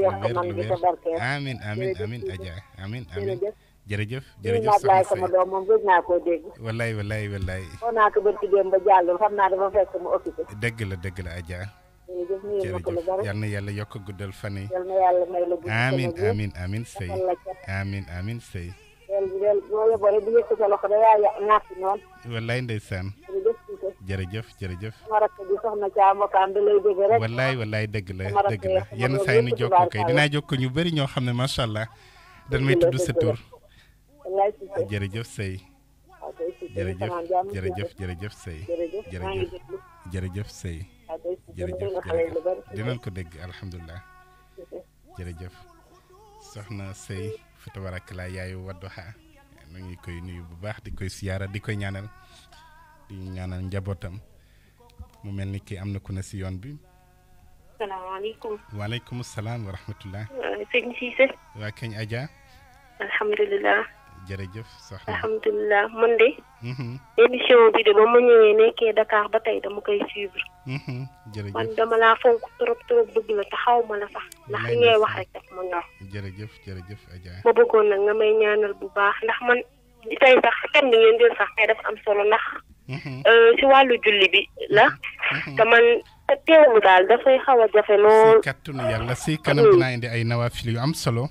jërëjëf jërëjëf soxna sama doom moom gëj naa koo dégg. wallaay wallaay wallaay. foo naa ko ba ba jàll xam naa dafa fekk mu occupé. dëgg la dëgg la Adja. jërëjëf yal na yàlla yokk guddal fan yi amin amin amin sëy wallaay ndeysaan jërëjëf jërëjëf wallaay wallaay dëgg la dëgg la yenn saa yi nu jokk kay dinaa jokk ñu bari ñoo xam ne macha allah dañ may tudd sa tur jërëjëf sëy jërëjëf sëy jërëjëf dinañ ko dégg alhamdulilah jërëjëf soxna sëy fi tabarakala yaayu Wadduha nu ngi koy nuyu bu baax di koy siyaara di koy ñaanal di ñaanal njabootam mu mel ni kii am na ku ne si yoon bi. salaamaaleykum. salaam wa rahmatullah. sëñ Cissé. waa Kañ Adja. alhamdulilah. jërëjëf sax alhamdulilah man de. Mhm. émission bi de ba ma nekkee Dakar ba tey dama koy suivre. Mhm, jërëjëf man dama laa fonk trop trop bëgg la te xaw ma la sax ndax li ngay wax rek daf ma jërëjëf jërëjëf Adja. ma bëggoon nag nga may ñaanal bu baax ndax man di tey sax thème bi ngeen jël sax tey dafa am solo ndax. Mhm. Euh, si wàllu julli bi la. ta man teewlu daal dafay xaw a jafe lool. si kàttanu yàlla si kanam mm. dinaa indi ay nawafil yu am solo.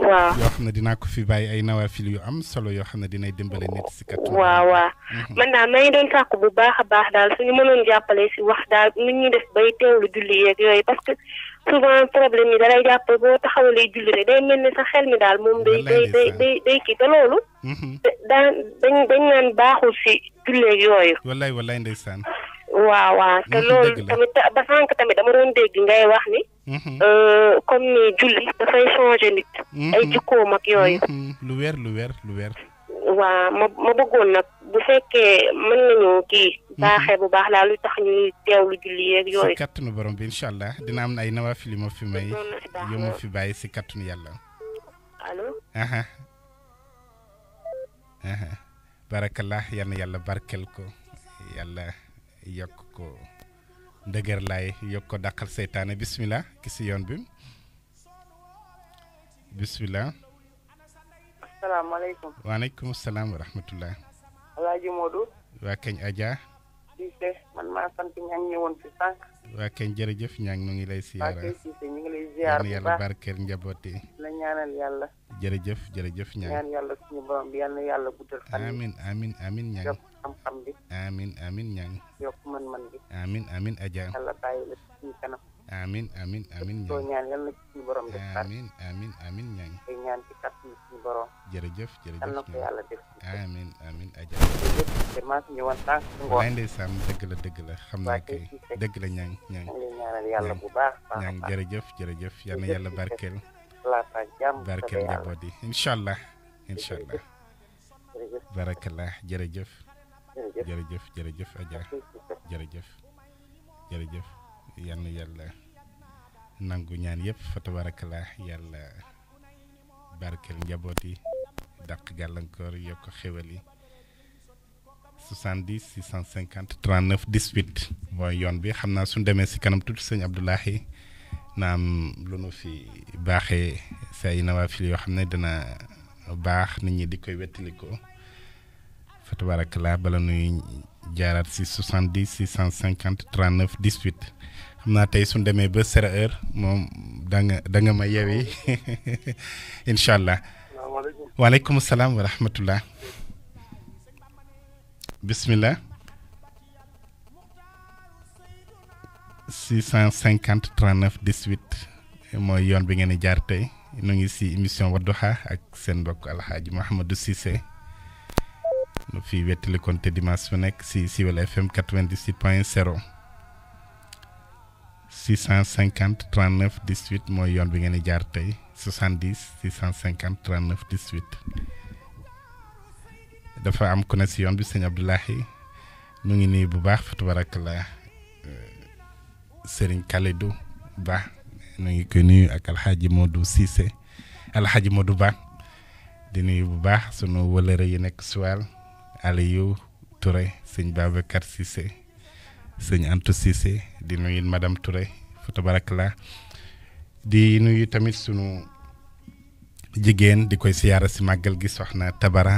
waaw yoo xam ne dinaa ko fi bàyyi ay nawafil yu am solo yoo xam ne dinay dimbale nit si kat. waaw waaw mhm. man daal maa ngi doon sàkku bu baax a baax daal suñu mënoon jàppale si wax daal nu ñuy def bay teewlu julli yeeg yooyu parce que souvent problème yi da lay jàpp boo taxawalee julli rek day mel a sa xel mi daal moom day day day day day kii te loolu. Mhm. daan dañ dañ naan baaxul si julleeg yooyu. wallaay wallaay ndeysaan. waaw waaw te loolu tamit dafa sànq tamit dama doon dégg ngay wax ni mhm. euh, comme ni julli dafay changé nit mhm. ay jikkoom ak yooyu mhm. lu wér lu wér lu wér waa ma ma bëggoon nag bu fekkee mën nañu kii baaxee bu baax laa lu tax ñuy teewlu julli yeeg yooyu si kattanu borom bi incha allah dina am ay nawafil yu ma fi may yu ma fi bàyyi si kattanu yàlla allo aha aha barakallah yàlla yàlla barkel ko yàlla yokk ko ndëgër lay yokk ko dàqal seytaane bismillah ki si yoon bi bismillah asalaamaaleykum waaleykum salaam wa rahmatullah alaaji Modou waa keñ Adja Cissé man maa sant ñaa ngi ñëwoon fi sànq waa keñ jërëjëf ñaa ngi ngi lay siyaara ñu ngi lay ziar yàlla barkeel njaboot yi la ñaanal yàlla jërëjëf jërëjëf ñaa ñaan yàlla suñu borom bi yàlla na yàlla guddal fan amin amin amin ñaa xam-xam bi amin amin ñang yok mën-mën bi amin amin aja yàlla bàyyi la ci kanam amin amin amin ñang soo ñaan yàlla ci suñu borom def amin amin amin ñang ay ñaan ci kat ci suñu borom jërëjëf jërëjëf yàlla ko yàlla def amin amin aja jërëjëf ma ñu won tank ci ngor sam dëgg la dëgg la xam naa kay dëgg la ñang ñang ñaanal yàlla bu baax ñang jërëjëf jërëjëf yàlla yàlla barkel barkel njaboot yi inshallah inshallah barakallah jërëjëf jërëjëf jërëjëf aja, jërëjëf jërëjëf yal na yàlla nangu ñaan yëpp fa tabarakallah yàlla barkeel njaboot yi dàq gàllankoor yokk xéwal yi 70 650 39 18 mooy yoon bi xam naa suñ demee si kanam tuuti sëñ Abdoulahi naam lu nu fi baaxee say nawaafil yoo xam ne dina baax nit ñi di koy wettalikoo fa tabarakallah bala nuy jaaraat si 70 650 39 18 xam naa tey suñ demee ba sera heure moom da nga ma yewi allah waaleykum salaam wa rahmatulah bismillah 650 39 18 mooy yoon bi ngeen di jaar tey nu ngi si émission ak seen nu fi wettali konte dimanche su nekk si Siwel FM 98 point 0 650 39 18 mooy yoon bi ngeen di jaar tey 70 650 39 18 dafa am ku ne si yoon bi sëñ Abdoulahi mu ngi nii bu baax fa tabarakallah euh, Serigne Kalidou Ba nu ngi koy nuyu ak Alxaaji Modou Cissé Alxaaji Modou Ba di nuyu bu baax sunu wëlëre yi nekk Suwal. Aliou Touré Seigne Babacar Cissé Seigne Antou Cissé di nuyu madame Touré fa tabarakallah di nuyu tamit sunu jigen di koy siara ci magal gi soxna Tabara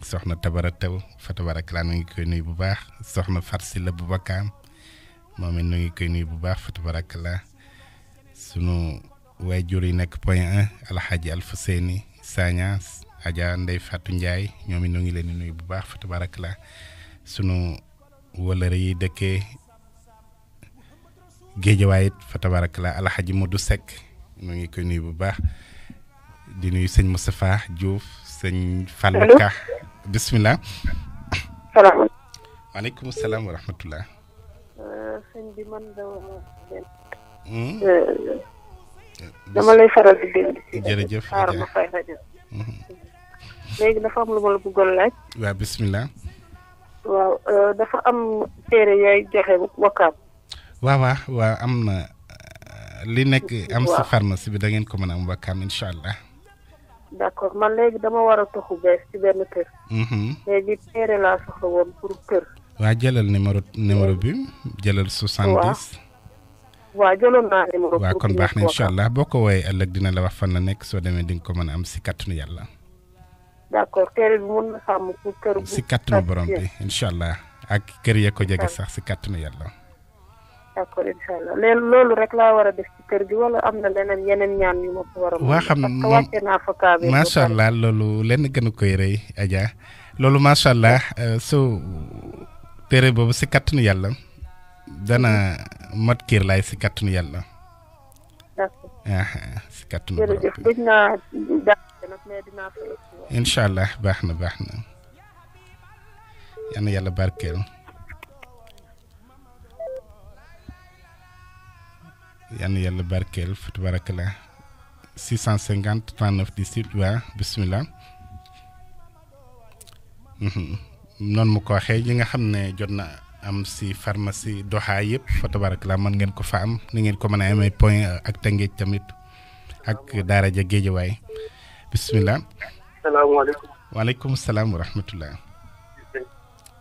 soxna Tabara Taw foto tabarakallah nu ngi koy nuyu bu baax soxna Farsi la bu bakam momi ngi koy nuyu bu baax fa tabarakallah sunu wayjuri nek point 1 Alhaji Alfuseyni Sagnas Adja Ndeye Fatou Ndiaye ñoom it ñu ngi leen di nuyu bu baax fa tabaarakala sunu wëlëri yi dëkkee géejawaay it fa tabaarakala Alhaji Modou Seck ñu ngi koy nuyu bu baax di nuyu sëñ Moustapha juuf sëñ Fallou Ka bisimilah. salaam wa rahmatulah. Euh, hmm? euh, dama lay faral di déglu. jërëjëf léegi dafa am lu ma la bëggoon laaj. waaw bisimilah. waaw dafa am téere yooyu joxe wakkaam. waaw waaw waaw am na li nekk am si pharmacie bi da ngeen ko mën a am wakkaam incha allah. d' accord man léegi dama war a toxu bees ci benn kër. léegi téere laa soxla woon pour kër. waa jëlal numéro numéro bi jëlal 70. waaw jëloon naa numéro. waaw kon baax na incha allah boo ko woowee ëllëg dina la wax fan la nekk soo demee di nga ko mën a am si kàttanu yàlla. d' accord téere bi mun na sàmm pour kër. si kàttanu borom bi incha allah ak kër ya ko jege sax si kàttanu yàlla. d' accord loolu rek laa war a def ci kër gi wala am na leneen yeneen ñaan yu ma ko war a. moom wàcce allah loolu lenn gën a koy rëy Adja loolu macha allah euh, soo téere boobu si kàttanu yàlla dana mhm. mat kiir laay si kàttanu yàlla. Ah, ah, si kàttanu borom bi jërëjëf naa mais dinaa bahna. ëpp incha allah baax na baax na yal na yàlla barkeel yal na yàlla barkeel fa 650 39 18 waa bisimilah noonu mu ko waxee ñi nga na am si pharmacie Doxa yëpp fa tabarakallah mën ngeen ko fa am ni ngeen ko point ak Tëngéej tamit ak daara ja bisimilah. Salam waaleykum wa rahmatulah.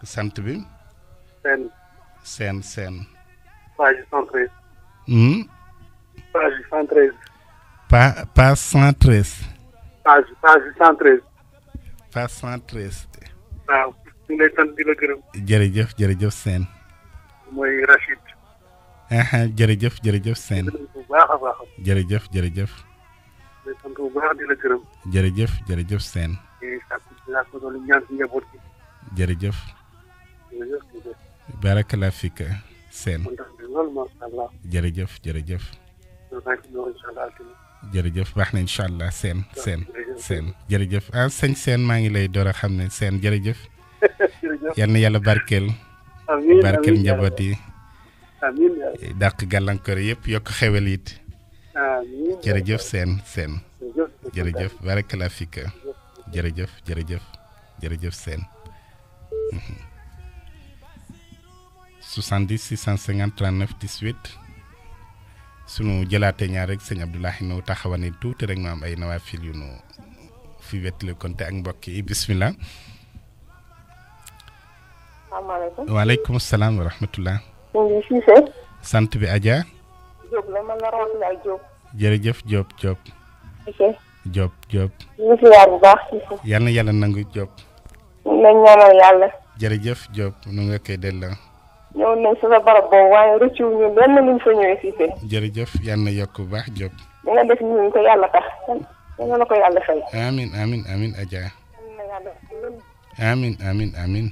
sant bi. seen. seen page cent treize. Hmm? page cent treize. pa page cent treize. page page cent treize. page cent treize. waaw ñu ngi lay Rachid. jërëjëf jërëjëf seen. bu baax jërëjëf jërëjëf seen. jërëjëf. jërëjëf seen. jërëjëf jërëjëf. jërëjëf baax na incha allah seen seen seen jërëjëf ah sëñ seen maa ngi lay door a xam ne seen jërëjëf. yal na yàlla barkeel. amiin barkeel njaboot yi. gàllankoor yëpp yokk xewel it. jërëjëf seen seen jërëjëf barakala fika jërëjëf jërëjëf jërëjëf seen 70 650 39 sunu jëlaatee ñaar rek sëñ Abdoulahi nu taxawane tuuti rek ma am ay nawaafil yu nu fi wettali konte ak mbokk yi bisimilah. salaamaaleykum waaleykum salaam wa sant bi Adja. Diop la man la Ramatoulaye Diop. jërëjëf Diop Diop. ok. Diop Diop. ñu ngi ziar bu baax. yal na yàlla nangu Diop. nañ ñaanal yàlla. jërëjëf Diop nu nga koy delloo. ñëw nañ sa sa barab boobu waaye rëccu ñu lenn luñ fa ñëwee si fii. jërëjëf yal na yokk bu baax Diop. li nga def ñu ko yàlla tax. yal na ko yàlla fay. amiin amiin amiin Adja. amiin amiin amiin.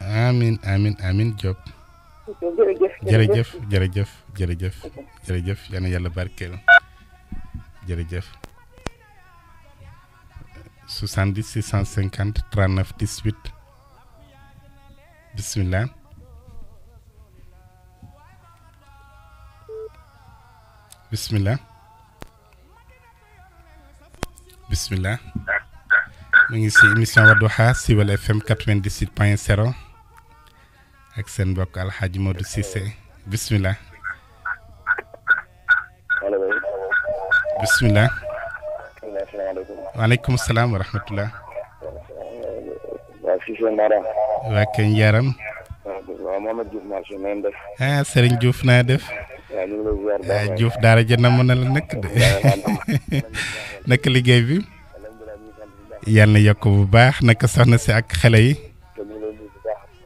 amiin amiin amiin Diop. jërëjëf jërëjëf jërëjëf jërëjëf jërëjëf yal na yàlla barkeel jërëjëf 70 650 39 18 bisimilah. bisimilah. bisimilah. mu ngi si émission Wadduha si Siwel FM 98 point 0. ak seen mbokk Alxaaji Modou Cissé bismillah bismillah waaleykum salaam wa rahmatulah. waa Cissé Maram. waa Kën Yaram. Mohamed Diouf maa nañ def. ah Serigne Diouf naa def. waaw Diouf dara ja namm na la nekk de. naka liggéey bi. yàlla na yokk bu baax naka soxna si ak xale yi.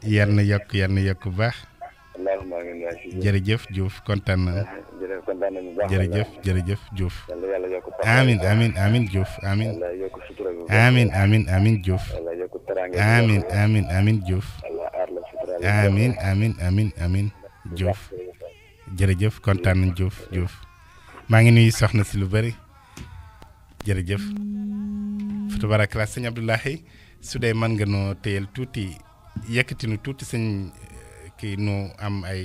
yal na yokk yal na yokk bu baax. jërëjëf Diouf kontaan na. Ah, jërëjëf kontaan na bu baax jërëjëf jërëjëf Diouf. amiin amiin amiin Diouf amiin. amiin amiin amiin Diouf. amiin amiin amiin Diouf. amiin amiin amiin maa ngi nuyu soxna si lu bari. jërëjëf. fa tabarakalla sëñ Abdoulahi su nga noo téyel tuuti. yëkkati nu tuuti sëñ eh, kii nu am ay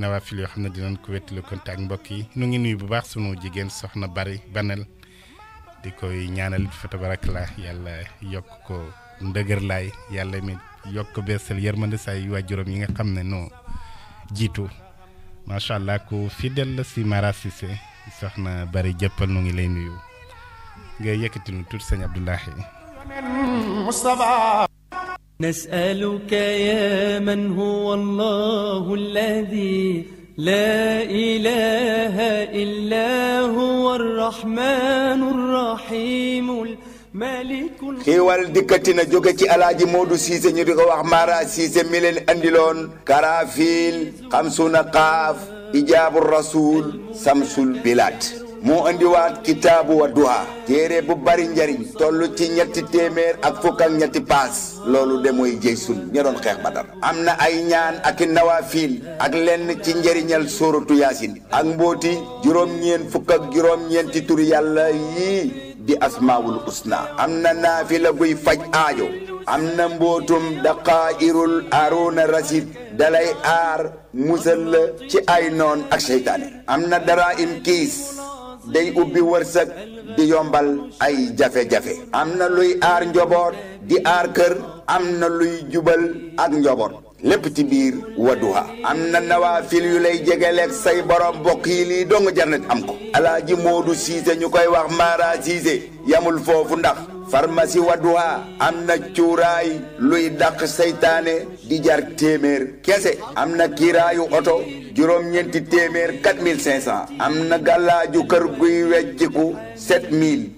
nawafil yoo xam ne dinañ ko wettali contact mbokk yi nu ngi nuyu bu baax sunu jigéen soxna bari banel di koy ñaanal fa la yàlla yokk ko ndëgër laay yàlla mi yokk ko beesal yërmande say waajuram yi nga xam ne noo jiitu macha allah ku fidèle si Mara Cissé soxna bari jëppal nu ngi lay nuyu nga yëkkati nu tuuti sëñ Abdoulahi نسألك يا من هو الله الذي لا إله إلا هو الرحمن الرحيم الملك كي والدكتنا جوكي على جمود سيزن يريغ وحمارا سيزن ميلين أندلون كرافيل خمسون قاف إجاب الرسول سمسول البلاد. moo andiwaat kitaabu Wadduha téere bu bari njariñ toll ci ñetti téeméer ak fukk ak ñetti paas loolu de mooy jëy sun ña doon xeex Badar am na ay ñaan ak i nawafiil ak lenn ci njariñal sóoratu yaasin ak mbóoti juróom-ñeen fukk ak juróom-ñeenti turi yàlla yii di asmaawul usna am na naafila guy faj aajo am na mbootum daqaa'irul aruuna rasid dalay aar musal la ci ay noon ak seytaane am na dara im kiis day ubbi wërsëg di yombal ay jafe-jafe am na luy aar njaboot di aar kër am na luy jubal ak njaboot lépp ci biir Wadduha am na nawaafil yu lay jegeleeg say borom mbokk yi lii dong jar am ko alaaji Moodu Siise ñu koy wax Mara Siise yamul foofu ndax pharmacie Wadduha am na cuuraay luy daq seytaane di jar téeméer kese am na kiiraayu oto juróom-ñeenti téeméer 4500 am na gàllaaju kër guy wecciku 7000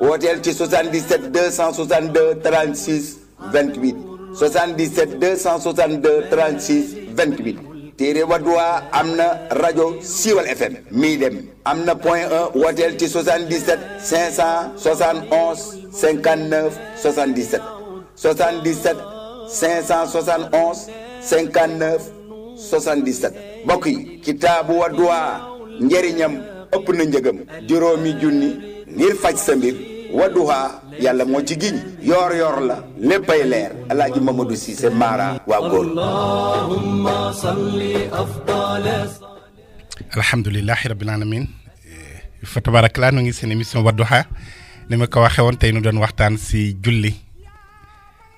77 262 36 28 77 262 36 28 Tire Wadoua amna radio rajo FM Midem amna point 1 77 571 59 77 77 571 59 77 Boki Kitabu wadwa Wadduha njëriñam na ngir faj sa mbir wadduha yàlla moo ci giñ yor yor la léppay leer alaaji mamadou cissé maara waa góor allahumma salli afdal alhamdulilahi rabbil alamin fa tabarakallah nu ngi seen émission wadduha ni ma ko waxe woon tey nu doon waxtaan si julli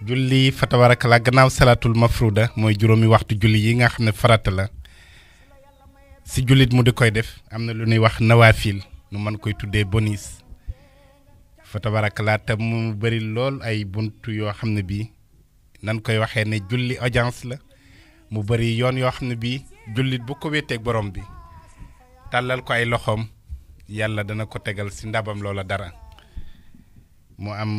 julli fa tabarakallah gannaaw salatul mafruda mooy juróomi waxtu julli yi nga xam ne farata la si jullit mu di koy def am na lu ñuy wax nawafil nu man koy tuddee bonis foto tabarakalaa mu bari lool ay bunt yoo xam ne bii nan koy waxee ne julli audience la mu bari yoon yoo xam ne bii jullit bu ko wéeteeg boroom bi tàllal ko ay loxoom yàlla dana ko tegal si ndabam loola dara mu am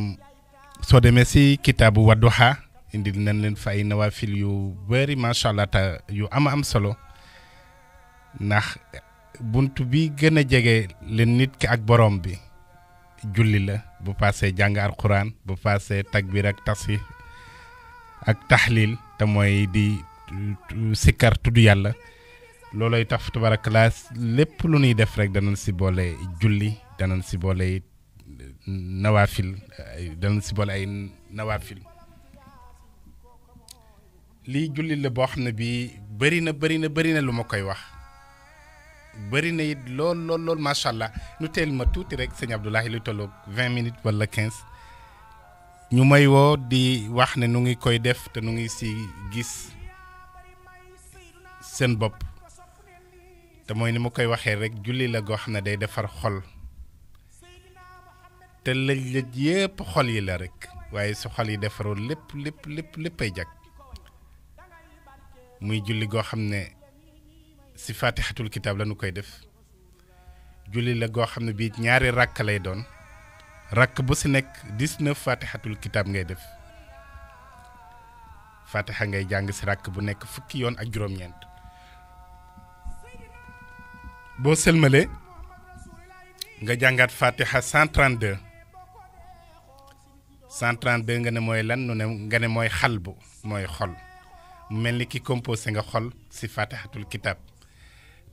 soo demee si kitaabu Wadduha indi nañ leen fa ay nawaafil yu bari macha allah te yu am am solo ndax bunt bi gën a jege leen nit ki ak boroom bi julli la bu paasee jàng alxuraan bu paasee takbir ak tasbih ak taxlil te mooy di sikkar tudd yàlla loolooy tax tabarakalaa lépp lu ñuy def rek danañ si boole julli danañ si boole nawaafil danañ si boole ay nawaafil lii julli la boo xam ne bii bëri na bëri na bëri na lu ma koy wax bari na it lool lool lool allah nu teel ma tuuti rek sëñ Abdoulahi lu tolloog vingt minutes wala quinze ñu may woo di wax ne nu ngi koy def te nu ngi si gis seen bopp te mooy ni ma koy waxee rek julli la goo xam ne day defar xol te lëj lëj yépp xol yi la rek waaye su xol yi defaroo lépp lépp lépp ay jag muy julli goo xam ne si faatixatul kitaab la nu koy def julli la goo xam ne bii ñaari ràkk lay doon ràkk bu ci nekk dix-neuf faatixatul kitaab ngay def faatixa ngay jàng si rakk bu nekk fukki yoon ak juróom-ñeent boo sëlmalee nga jàngaat faatixa 132 132 nga ne mooy lan nu ne nga ne mooy xal bu mooy xol mu mel ni ki composé nga xol si faatixatul kitaab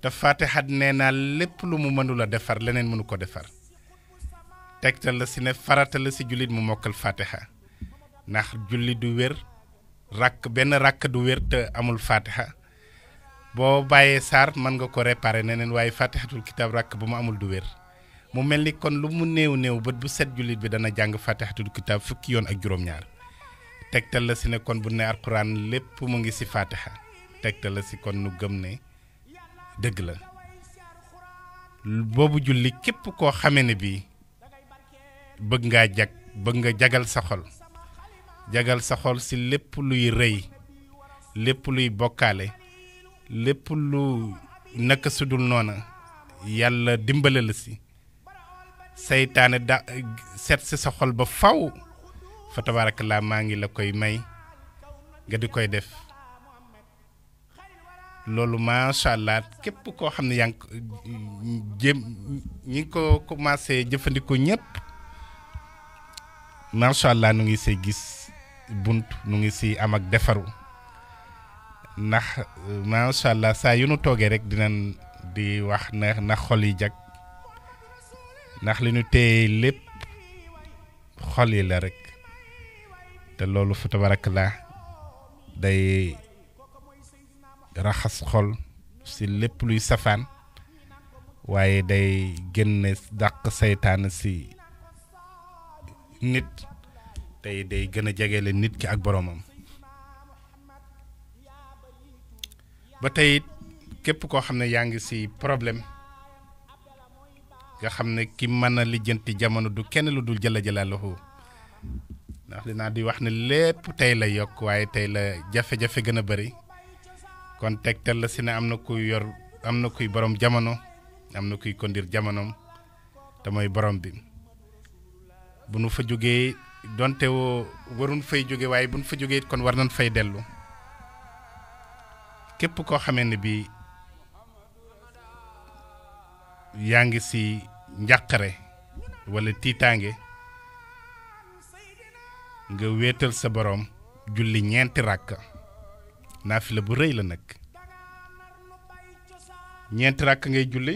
da fatihat had naa lepp lu mu mënula defar leneen mënu ko defar tegtal la si ne farata la si julit mu mokkal fatiha ndax julli du wér rak benn rak du wér te amul fatiha boo bàyyee saar man nga ko réparer neneen waaye fatihatul kitab rak bu mu amul du wér mu mel ni kon lu mu néew néew bët bu set julit bi dana jàng fatihatul kitab fukki yoon ak juróom-ñaar tegtal la si ne kon bu ne alquran lépp mu ngi si fatiha tegtal la si kon nu gëm ne dëgg la boobu julli képp koo xame ne bii bëgg ngaa jag bëgg nga jagal sa xol jagal sa xol si lépp luy rëy lépp luy bokkaale lépp lu naka sudul noona yàlla dimbale la si seytaane da seet si sa xol ba faw fa tabaarakallaa maa ngi la koy may nga di koy def loolu macha allah képp koo xam ne yaa ngi jéem ñi ngi ko commencé jëfandikoo ñëpp macha allah nu ngi see gis bunt nu ngi si am ak defaru ndax macha allah saa yu nu toogee rek dina di wax na ndax xol yi jag ndax li ñu téye lépp xol yi la rek te loolu fa tabarak la day. raxas xol si lépp luy safaan waaye day génne dak seytaan si nit tey day gën a jegele nit ki ak boromam ba tey képp koo xam ne yaa ngi si problème nga xam ne ki mën a lijjanti jamono du kenn lu dul jëla jëlalahu ndax dinaa di wax ne lépp tey la yokk waaye tey la jafe-jafe gën bari kon tegtal la si ne am na ku yor am na kuy boroom jamono am na kuy kondir jamonoom te mooy borom bi bu nu fa jógee donte woo warun fay jóge waaye bu nu fa jógee kon war nañ fay dellu képp koo xamee ne bi yaa ngi si njàqare walla tiitaange nga wéetal sa boroom julli ñeenti ràkk naafila bu rëy la nag ñeenti ràkk ngay julli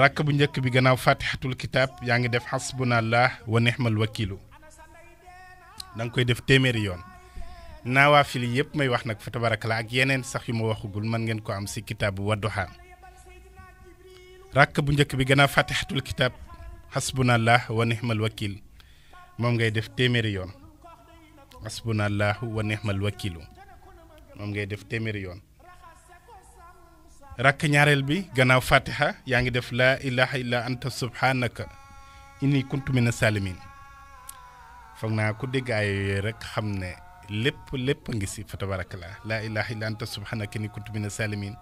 ràkk bu njëkk bi gannaaw faatixatul kitaab yaa ngi def bu xasbunallah wa nixmal wakiilu da nga koy def téeméeri yoon naawaafil yëpp may wax nag fa tabaraka la ak yeneen sax yu ma waxagul mën ngeen ko am si kitaabu wadduxaan ràkk bu njëkk bi gannaaw faatixatul kitaab xasbunallah wa nixmal wakiil moom ngay def téeméeri yoon asbunallahu wa nihmal wakilu moom ngay def téeméeri yoon rakk ñaareel bi gannaaw fatiha yaa ngi def laa ilaha illa anta subhanaka inni naa ku dégg rek xam ne lépp lépp ngi si fa tabarakallah laa ilaha illa anta subhanaka inni kuntu mina salimin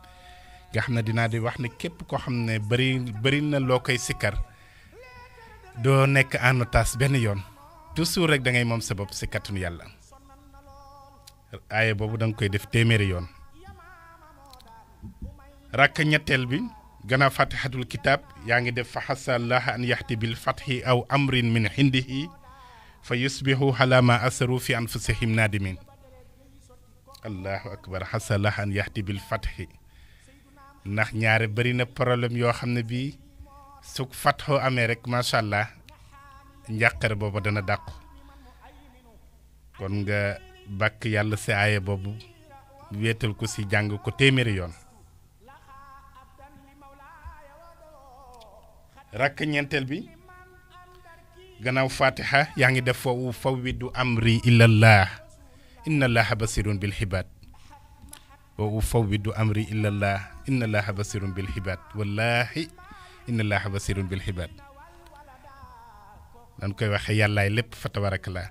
nga xam ne dinaa di wax ni képp koo xam ne bëri bëri na loo koy sikkar doo nekk en otage benn yoon toujours rek da ngay moom sa bopp si kattanu yàlla aaye boobu da nga koy def téeméeri yoon rakk ñetteel bi gannaaw fatihatul kitab yaa ngi def fa xasallah an yahti bil fathi aw amrin min xindihi fa yusbihu ala ma asaru fi anfusihim nadimin allahu akbar xasallah an yahti bil fathi ndax ñaare bari na problème yoo xam ne bii su fatxoo amee rek macha allah njàqare booba dana dàqu kon nga bàkk yàlla si aaya boobu wéetal ko si jàng ko téeméeri yoon rakk ñeenteel bi gannaaw fatiha yaa ngi def foofu fawwidu amri allah inna allah basirun bil xibaat boobu fawwidu amri allah inna allah basirun bil xibaat wallahi inna allah basirun bil xibaat dañ koy waxe yàllaay lépp fa tabarakallah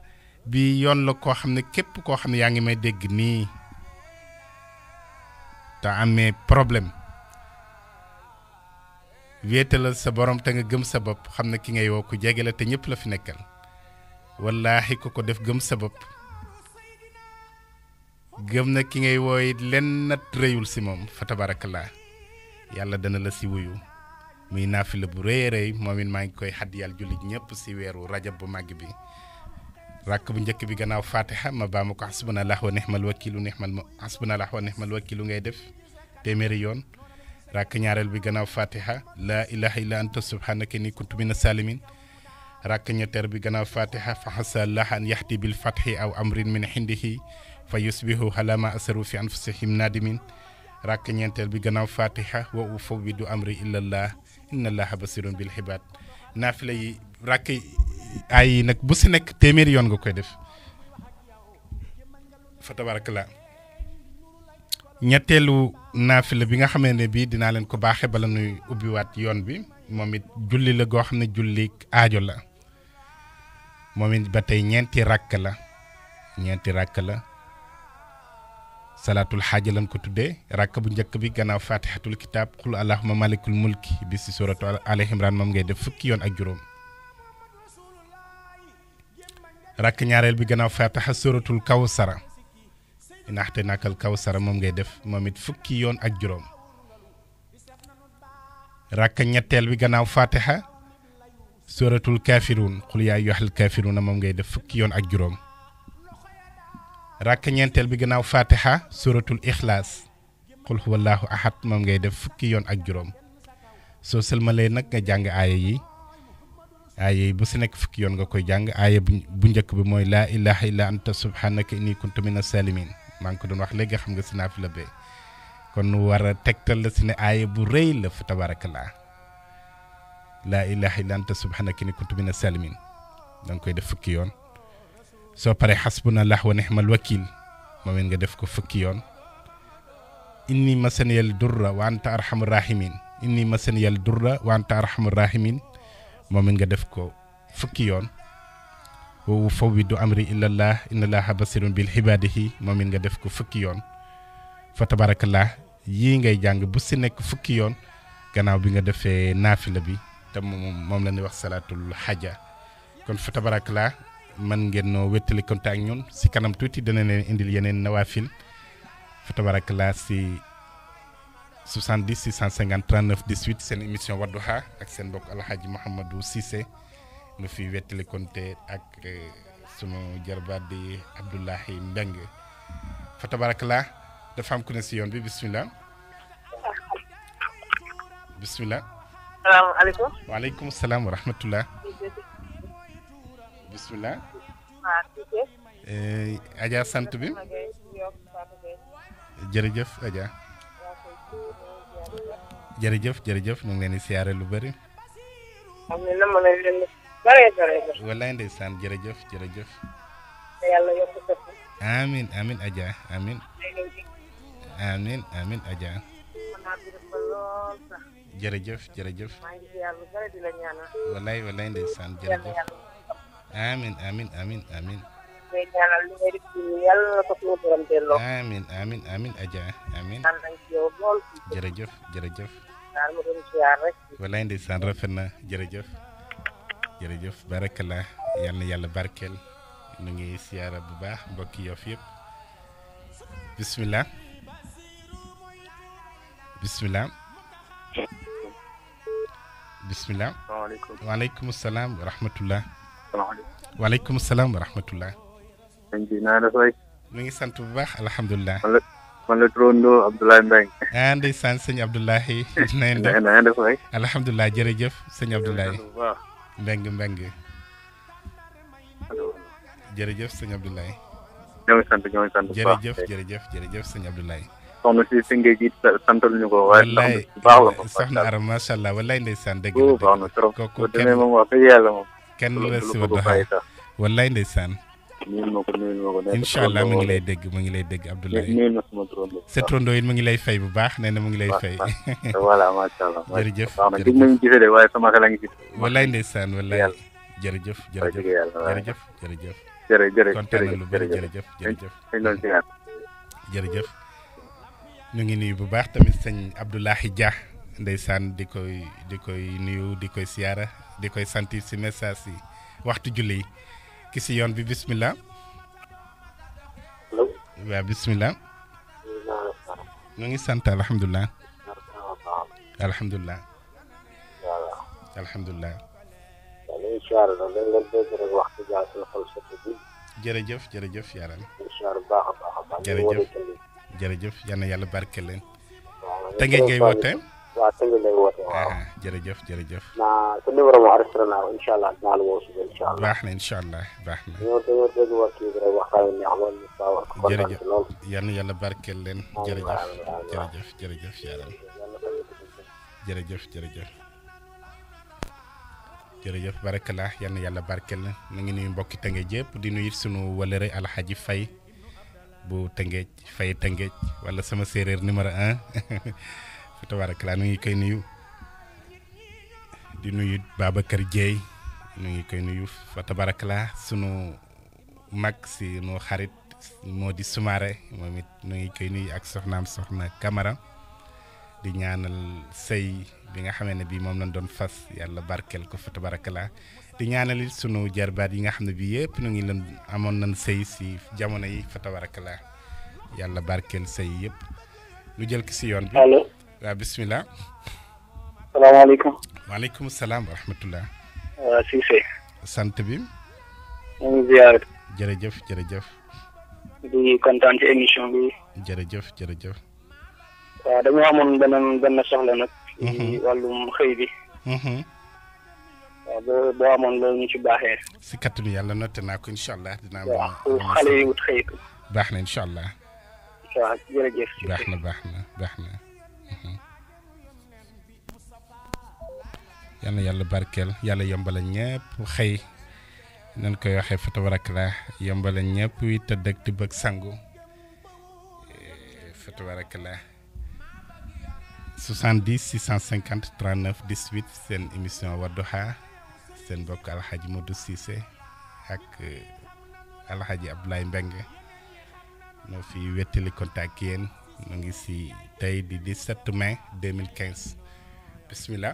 bi yoon la koo xam ne képp koo xam ne yaa ngi may dégg nii te amee problème wéetalal sa borom te nga gëm sa bopp xam ne ki ngay woo ku jege la te ñëpp la fi nekkal wallaahi ku ko def gëm sa bopp gëm na ki ngay wooy lenn nat rëyul si moom fa tabarakallah yàlla dana la si wuyu muy naafila bu rëy rëy moom it maa ngi koy xaddiyal jullit ñëpp si weeru rajab bu màgg bi rakk bu njëkk bi gannaaw fatiha ma baamu ko ko xasbunallah wa nixmal wakilu nixmal xasbunallah wa nixmal wakilu ngay def téeméeri yoon rakk ñaareel bi gannaaw fatiha la ilaha illa anta subhanaka ni kuntu mina salimin rakk ñetteel bi gannaaw fatiha fa xasallah an yaxti bil fathi aw amrin min xindihi fa yusbihu halama asaru fi anfusihim nadimin rakk ñeenteel bi gannaaw fatiha wa u fawwidu amri illallah inna allaha basirun bil xibaad naafila yi ràkk ay nag bu si nekk téeméeri yoon nga koy def fa la ñetteelu naafila bi nga xamee ne bii dinaa leen ko baaxe ba la nuy ubbiwaat yoon bi moom it julli la goo xam ne julli aajo la moom it ba tey ñeenti ràkk la ñeenti ràkk la salatul hajj lañ ko tuddé rak bu ñëk bi gannaaw fatihatul kitab qul allahumma malikul mulki bi si suratu ali imran mom ngay def fukki yoon ak juróom rak ñaarel bi gannaaw fatiha suratul kawsara naxte nakal kawsara mom ngay def momit it fukki yoon ak juróom rak ñettel bi gannaaw fatiha suratul kafirun qul ya ayyuhal kafirun mom ngay def fukki yoon ak juróom rakk ñeenteel bi gannaaw fatiha suratul ixlaas qul huwallahu ahad moom ngay def fukki yoon ak juróom soo sëlmalee nag nga jàng aaya yi aaya yi bu si nekk fukki yoon nga koy jàng aaya bu njëkk bi mooy laa ilaha illa anta subhanaka inni kuntu mina salimin maa ngi ko doon wax léegi xam nga si fi la bee kon war a tegtal la si ne bu rëy la fa tabarakallah laa ilaha illa anta subhanaka inni kuntu mina salimin da nga koy def fukki yoon pare hasbuna allah wa ni'mal wakiil moom it nga def ko fukki yon inni yal durra wa anta arhamur rahimin inni yal durra wa anta arhamur rahimin moom it nga def ko fukki yon wa fawwidu amri inna allah basirun bil ibadihi moom it nga def ko fukki yon fa tabarakallah yi ngay jàng bu si nek fukki yon gannaaw bi nga defee nafila bi te mom lañ wax salatul haja kon fa tabarakallah man ngeen noo wettali ak ñun si kanam tuuti dana leen indil yeneen nawaafil fa tabarakallah si 70 650 39 18 seen émission Wadduha ak seen bokk alxaaji Mouhamadou Cissé nu fi wettali konte ak eh, sunu jarbaat di Abdoulahi Mbeng fa tabarakallah dafa am ku ne si yoon bi bismillah bismillah salaamaaleykum salaam wa bisimilah. waaw eh, Cissé. bi. jërëjëf Adja. jërëjëf jërëjëf ñu ngi leen di siyaare lu amin amin aja, amin. amin amin aja. jërëjëf jërëjëf. Walai, ngi siyaare amiin amiin amiin amiin. ngay ñaanal li ngay def yàlla na ko suñu borom delloo. amiin amiin amiin Adja amiin. am jërëjëf jërëjëf. rafet na jërëjëf. jërëjëf barakala yal na yàlla barkeel nu siyaara bu baax mbokki Yoff yëpp bisimilah bisimilah bisimilah. waaleykum salaam wa asalaamaaleykum. waaleykum salaam wa rahmatullah. sëñ bi naa def rek. mi ngi sant bu baax alhamdulilah. man la man la turandoo Abdoulaye Mbengue. ah ndeysaan sëñ Abdoulaye. na ngeen def na ngeen def rek. alhamdulilah jërëjëf sëñ Abdoulaye. Mbengue Mbengue. soxna ñu ko. wallaay sax aram macha allah wallaay ndeysaan dëgg la. kooku kenn demee moom wax dëgg yàlla kenn la si wa daxa wallaay ndeysaan nuyul ma allah mu ngi lay dégg mu ngi lay dégg Abdoulaye nuyul ma mu ngi lay fay bu baax nee mu ngi lay fay voilà macha allah jërëjëf dig nañu gisee de waaye sama a ngi ci wallaay ndeysaan wallaay jërëjëf jërëjëf jërëjëf jërëjëf jërëjëf kontaan na lu ngi nuyu bu baax tamit sëñ Abdoulahi Dia ndeysaan di koy di koy nuyu di koy siyaara di koy sentir si message yi waxtu julli yi ki si yoon bi bismillah allo. waaw bismillah. ñu ngi sant alhamdulilah. alhamdulilah. jërëjëf jërëjëf yàlla. jërëjëf jërëjëf yàlla barke leen. te ngeen ngay wootee. waaw ah, jërëjëf jërëjëf. naa sa numéro moom arrêté naa ko incha allah dinaa yàlla barkeel na yàlla barkeel na ngi nuyu mbokki Tëngéej yëpp di nuyu sunu walëre Alxaji Fay bu Tëngéej Fay Tëngéej wala sama séeréer numéro un fa tabaarakala nu ngi koy nuyu di nuyu Babacar Dieye nu ngi koy nuyu fa tabaarakala sunu mag si nu xarit moo di Soumaré moom it nu ngi koy nuyu ak soxnaam soxna kamara di ñaanal sëy bi nga xamee ne bii moom lañ doon fas yàlla barkeel ko fa tabaarakala di ñaanal sunu jarbaat yi nga xam ne bii yëpp nu ngi leen amoon nañ sëy si jamono yi fa tabaarakala yàlla barkeel sëy yëpp lu jël ki si yoon bi آه، بسم الله السلام عليكم وعليكم السلام ورحمة الله سيسي آه، سانت بيم زيارة جرجف جرجف دي كونتانت ايميشن بي جرجف جرجف دا مو امون بنن بن سوخلا نك والوم خي بي اها دا دو امون لا ني سي باخي سي كاتلو يالا نوت ناكو ان شاء الله دينا مو خالي وت خيك باخنا ان شاء الله جرجف باخنا باخنا باخنا yal yalla barkel yalla yombal ñepp xey xëy koy waxe fa tabarakallah yombal ñepp wi tedd ak tibb ak sangu fa tabarakallah 70 650 39 18 sen émission Wadduha sen bokk hadji Modou Cissé ak euh, hadji Abdoulaye Mbengue noo fi wettali contact yéen ngi si tay di 17 mai 2015 bismillah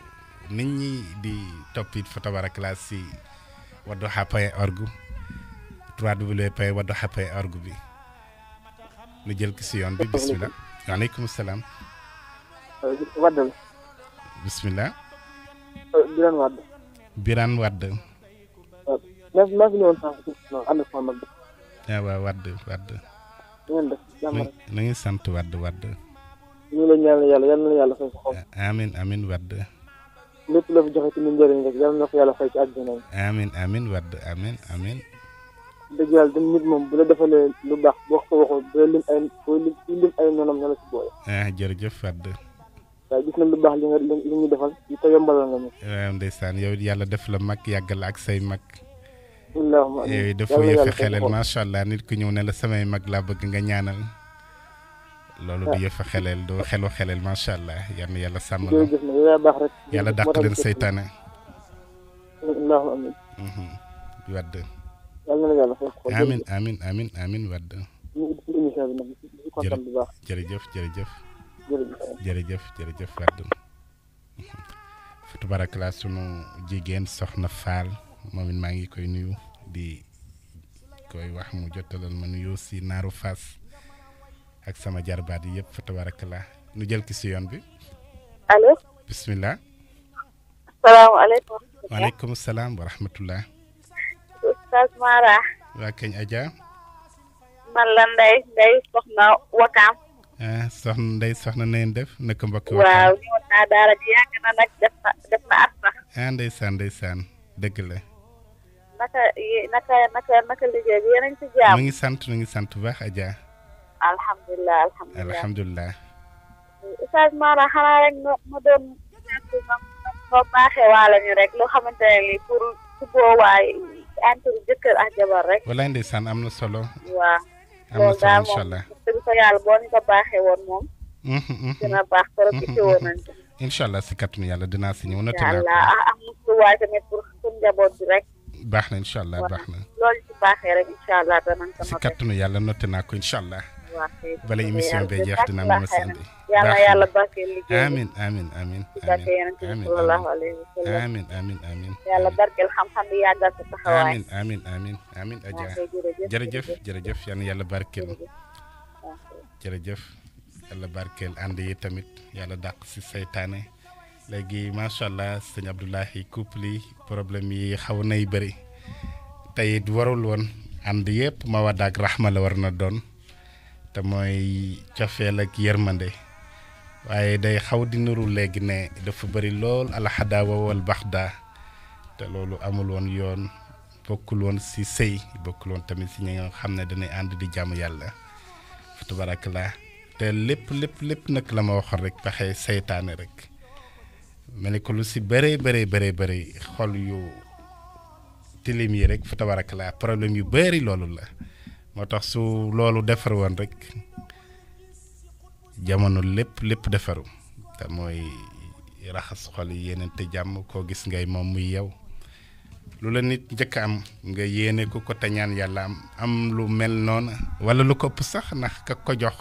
nit di topp it fa tabarakalaa si wadduha point org 3w point wadduha point org bi nu bi bisimilah. waaleykum salaam. Euh, waddal. bisimilah. Euh, Birane Wadd. Birane Wadd. Euh, maa maa ngi ñëwoon sànq si ànd ak mag ah, sant Wadd Wadd. lépp la fi joxe ci lu njëriñ rek yàlla na ko yàlla fay ci àdduna bi. amiin amiin wadd amiin amiin. dëgg yàlla dem nit moom bu la defalee lu baax wax ko waxoo bu la lim ay boo lim ci lim ay noonam na la ci boole. ah jërëjëf wadd. waaw gis nañ lu baax li nga li ñu defal li ko yombalal nga ñu. waaw ndeysaan yow yàlla def la mag yàgg la ak say mag. alhamdulilah yow dafa yëfe xelal macha allah nit ku ñëw ne la samay mag laa bëgg nga ñaanal. loolu du yëfa xeleel du xelu ma sha allah yal na yàlla sàmm la yàlla dàq leen seytaane. allahumma amiin. wadd. amin amin amiin amiin wadd. jërëjëf jërëjëf. jërëjëf jërëjëf wadd. fa tubarakala sunu jigéen soxna Faal moom it ngi koy nuyu di koy wax mu jottalal ma nuyu si naaru Faas. ak sama jarbaat yi yëpp fa tabarakallah nu jël ki yoon bi. allo. bisimilah. salaamaaleykum. waaleykum salaam wa rahmatullah. Oustaz Mara. waa Kañ Adja. man la Ndeye Soxna Wakaam. ah soxna Ndeye Soxna na def na nag def na def na at ah, dëgg la. naka naka naka naka liggéey bi yéen a ngi ci jàmm. mu sant mu ngi sant bu baax Adja. alhamdulilah alhamdulilah alhamdulilah. Oustaz Mara xanaa rek ma ma doon ma baaxee rek loo xamante ne nii pour su boowaay entre jëkkër ak jabar rek. walaay ndeysaan am na solo. waaw loolu boo ñu ko woon moom. Mhm, mhm. dina baax trop mhm, si kàttanu yàlla dinaa si ñëw. incha allah am ah, ah, na waay tamit pour suñu njaboot bi rek. baax na incha baax na. loolu ci baaxee rek incha si kàttanu yàlla noté naa ko bala émission bee jeex dina mën a sant yàlla yàlla barkeel liggéey amiin amiin amiin barke yonent bi sallallahu alayhi wa sallam amiin amiin amiin yàlla barkeel xam-xam bi yàggal sa taxawaay amiin amiin amiin amiin aja jërëjëf jërëjëf yàlla yàlla ànd yi yàlla dàq si seytaane léegi macha allah sëñ Abdoulahi couple yi problème yi xaw nay bëri tey it warul woon ànd yëpp Mawada ak Rahma la war doon te mooy cofeel ak yërmande waaye day xaw di nuru léegi ne dafa bari lool alxadaawa wal baxdaa te loolu amuloon yoon bokkul woon si sëy bokkul woon tamit si ñi nga xam ne dañuy ànd di jàmm yàlla fa tabarakallah te lépp lépp lépp nag la ma waxoon rek pexe seytaane rek mel ni ko lu si bëree bëree bëree xol yu tilim yi rek fa tabarakallah problème yu bari loolu la moo tax su loolu defar woon rekk jamono lépp lépp defaru te mooy raxas xol yi yéene te jàmm koo gis ngay moom muy yow lu la nit njëkk am nga yéene ku ko teñaan yàlla am am lu mel noona wala lu ko ëpp sax ndax ka ko jox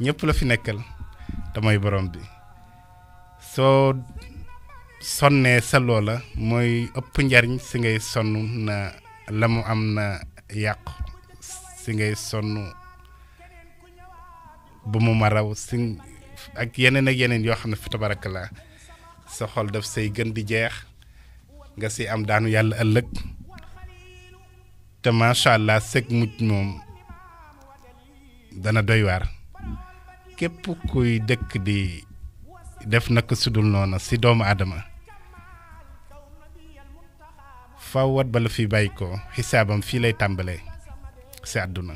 ñëpp la fi nekkal te mooy borom bi soo sonnee sa loola mooy ëpp njariñ si ngay sonn na la mu am na yàqu si ngay sonn ba mu ma raw si ak yeneen ak yeneen yoo xam ne fa tabarakallah sa xol daf say gën di jeex nga ci am daanu yàlla ëllëg te macha allah sëg mujj moom dana doy waar képp kuy dëkk di def naka sudul noonu si doomu aadama faw wat ba la fi bàyyi ko xisaabam fii lay tàmbalee. si àdduna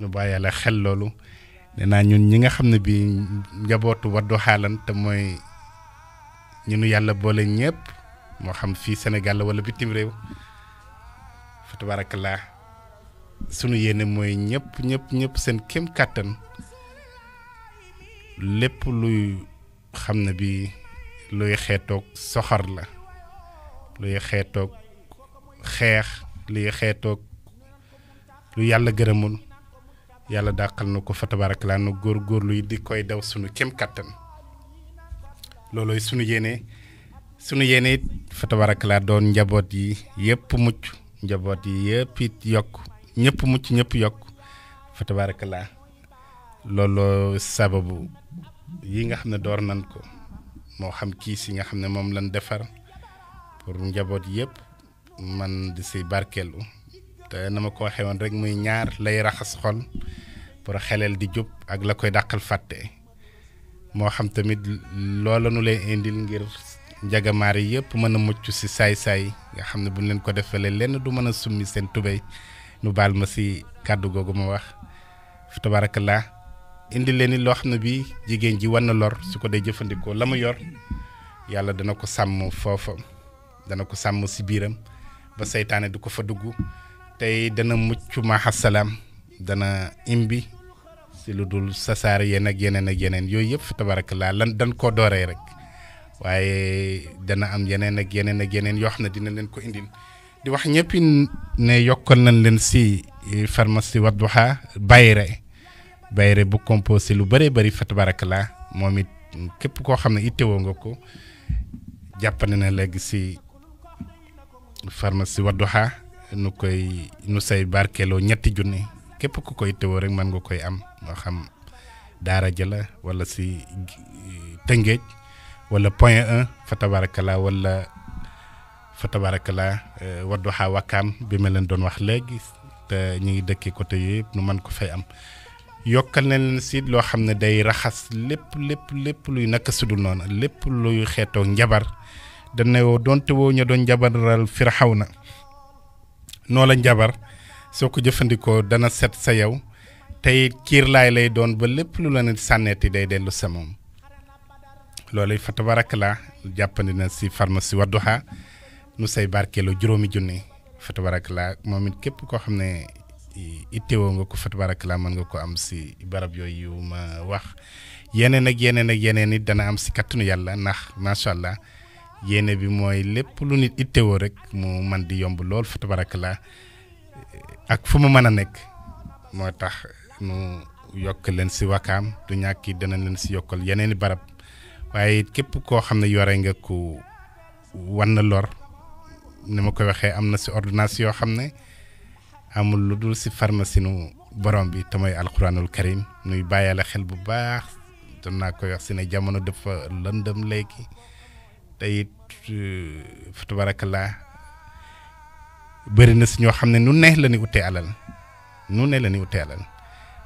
ñu bàyyi yàlla xel loolu nee naa ñun ñi nga xam ne bii njabootu Wadduha lan te mooy ñu nu yàlla boole ñëpp moo xam fii Sénégal wala bitim réew fa sunu yéene mooy ñëpp ñëpp ñëpp seen kéem kàttan lépp luy xam ne bi luy xeetoog soxor la luy xeetoog xeex luy xeetoog lu yàlla gërëmoon yàlla dàqal na ko fa tabaarakallaa nu góorgóorlu yi di koy daw sunu kem kàttan loolooy sunu yéene sunu yéene it fa tabaarakallaa doon njaboot yi yëpp mucc njaboot yi yëpp yokk ñëpp mucc ñëpp yokk fa tabaarakallaa sababu yi nga xam ne door nan ko moo xam kiis yi nga xam ne moom lañ defar pour njaboot yëpp man di si barkeelu te na ma ko waxee woon rek muy ñaar lay raxas xol pour xelel di jub ak la koy dàqal fàtte moo xam tamit loola nu lay indil ngir njagamaar yi yëpp mën a mucc si saay-saay nga xam ne buñ leen ko defalee lenn du mën a summi seen tubéy nu baal ma si kàddu googu ma wax fi tabarakallah indi leen ni loo xam ne bii jigéen ji war na lor su ko dee jëfandikoo la mu yor yàlla dana ko sàmm foofa dana ko sàmm si biiram ba seytaane du ko fa dugg tey dana mucc maaxa salaam dana imbi si lu dul sasaar yéen ak yeneen ak yeneen yooyu yëpp tabarakallah lan dañ koo dooree rek waaye dana am yeneen ak yeneen ak yeneen yoo xam ne dina leen ko indil di wax ñëpp ne yokkal nañ leen si e, pharmacie Wadduha Bayre Bayre bu composé lu bëree bëri fa tabarakallah moom it képp koo xam ne ittewoo nga ko jàppane na léegi si pharmacie Wadduha nu koy nu say barkeeloo ñetti junni képp ku koy tëwoo rek mën nga koy am moo xam daara jëla walla si Tëngéej wala point 1 fa tabaarakala wala fa eh, bi ma leen doon wax léegi te ñu ngi dëkkee côté yëpp nu mën ko fay am yokkal na leen si loo xam ne day raxas lépp lépp lépp luy naka sudul noona lépp luy xeetoo njabar dana woo doonte woo ña doon njabaral na noo la njabar soo ko jëfandikoo dana set sa yow tey kiirlaay lay doon ba lépp lu la ne sànneeti day dellu sa moom loolu fa la jàppandi na si pharmacie Wadduha nu say barkeelu juróomi junni fa tabarakalaa moom it képp koo xam ne ittewoo nga ko fa la mën nga ko am si barab yooyu ma wax yeneen ak yeneen ak yeneen it dana am si kattanu yàlla ndax macha allah. yéene bi mooy lépp lu nit ittewoo rek mu man di yomb lool fa tabarakalaa ak fu ma mën a nekk moo tax nu yokk leen si wakkaam du ñàkki danañ leen si yokkal yeneeni barab waaye képp koo xam ne yore nga ku wan na lor ni ma koy waxee am na si ordonnance yoo xam ne amul lu dul si farmasinu borom bi te mooy alxuraanul karim nuy bàyyale xel bu baax doon naa koy wax si ne jamono dafa lëndëm léegi te it euh, fa tabarakallah bëri na si ñoo xam ne nu ne la ni utee alal nu ne la ni utee alal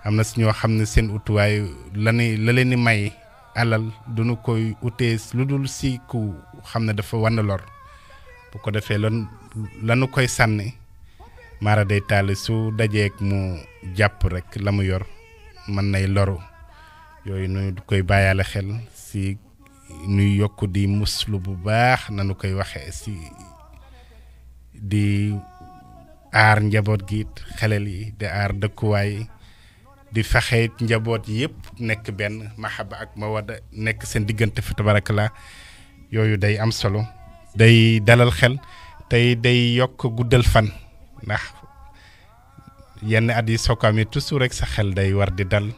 am na si ñoo xam ne seen utuwaay la ni la leen di may alal duñu koy utee lu dul si ku xam ne dafa wan lor bu ko defee lan lanu koy sànni maara day taali su dajeek mu jàpp rekk la mu yor mën nay loru yooyu du koy bàyyaale xel si nuy yokk di muslu bu baax nanu koy waxee si di aar njaboot gi it yi di aar dëkkuwaay di fexeet njaboot yépp nekk benn maxaba ak mawadda nekk seen diggante fa tabarakalaa yooyu day am solo day dalal xel tey day yokk guddal fan ndax yenn at yi soo ko amee toujours rek sa xel day war di dal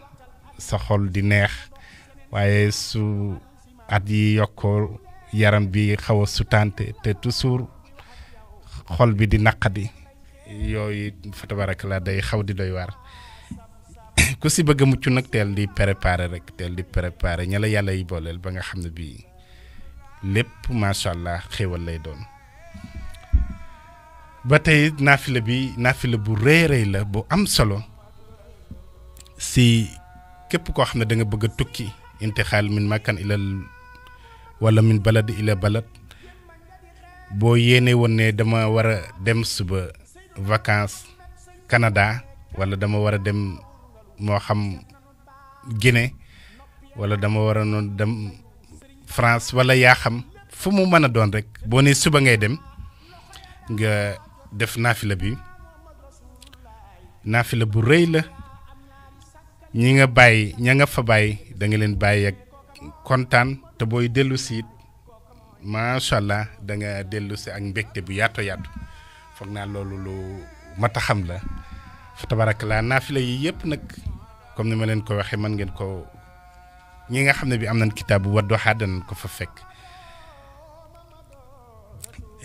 sa xol di neex waaye su at yi yokkoo yaram bi xaw a sutante te toujours xol bi di naqadi yooyu fa tabaraka la day xaw di doy waar ku si bëgg a mucc nag teel di préparer rek teel di préparer ña yàlla yi booleel ba nga xam ne bii lépp macha allah xéewal lay doon ba tey naafila bi naafila bu rëy rëy la bu am solo si képp koo xam ne da bëgg a tukki intixaal min makan ilal wala min balad ila balad boo yéene woon ne dama war a dem suba vacances Canada wala dama war a dem moo xam Guinée wala dama war a noonu dem France wala yaa xam fu mu mën a doon rek boo ne suba ngay dem nga def naafila bi naafila bu rëy la ñi nga bàyyi ña nga fa bàyyi da leen bàyyi ak kontaan te boy delu ci ma sha allah da nga delu ci ak mbekté bu yàtto yàttu foog naa loolu lu mata xam la fa tabarak la naafila yi yep nak comme ni ma len ko waxe man ngeen ko ñi nga xamne bi am nañ wa do hadan ko fa fek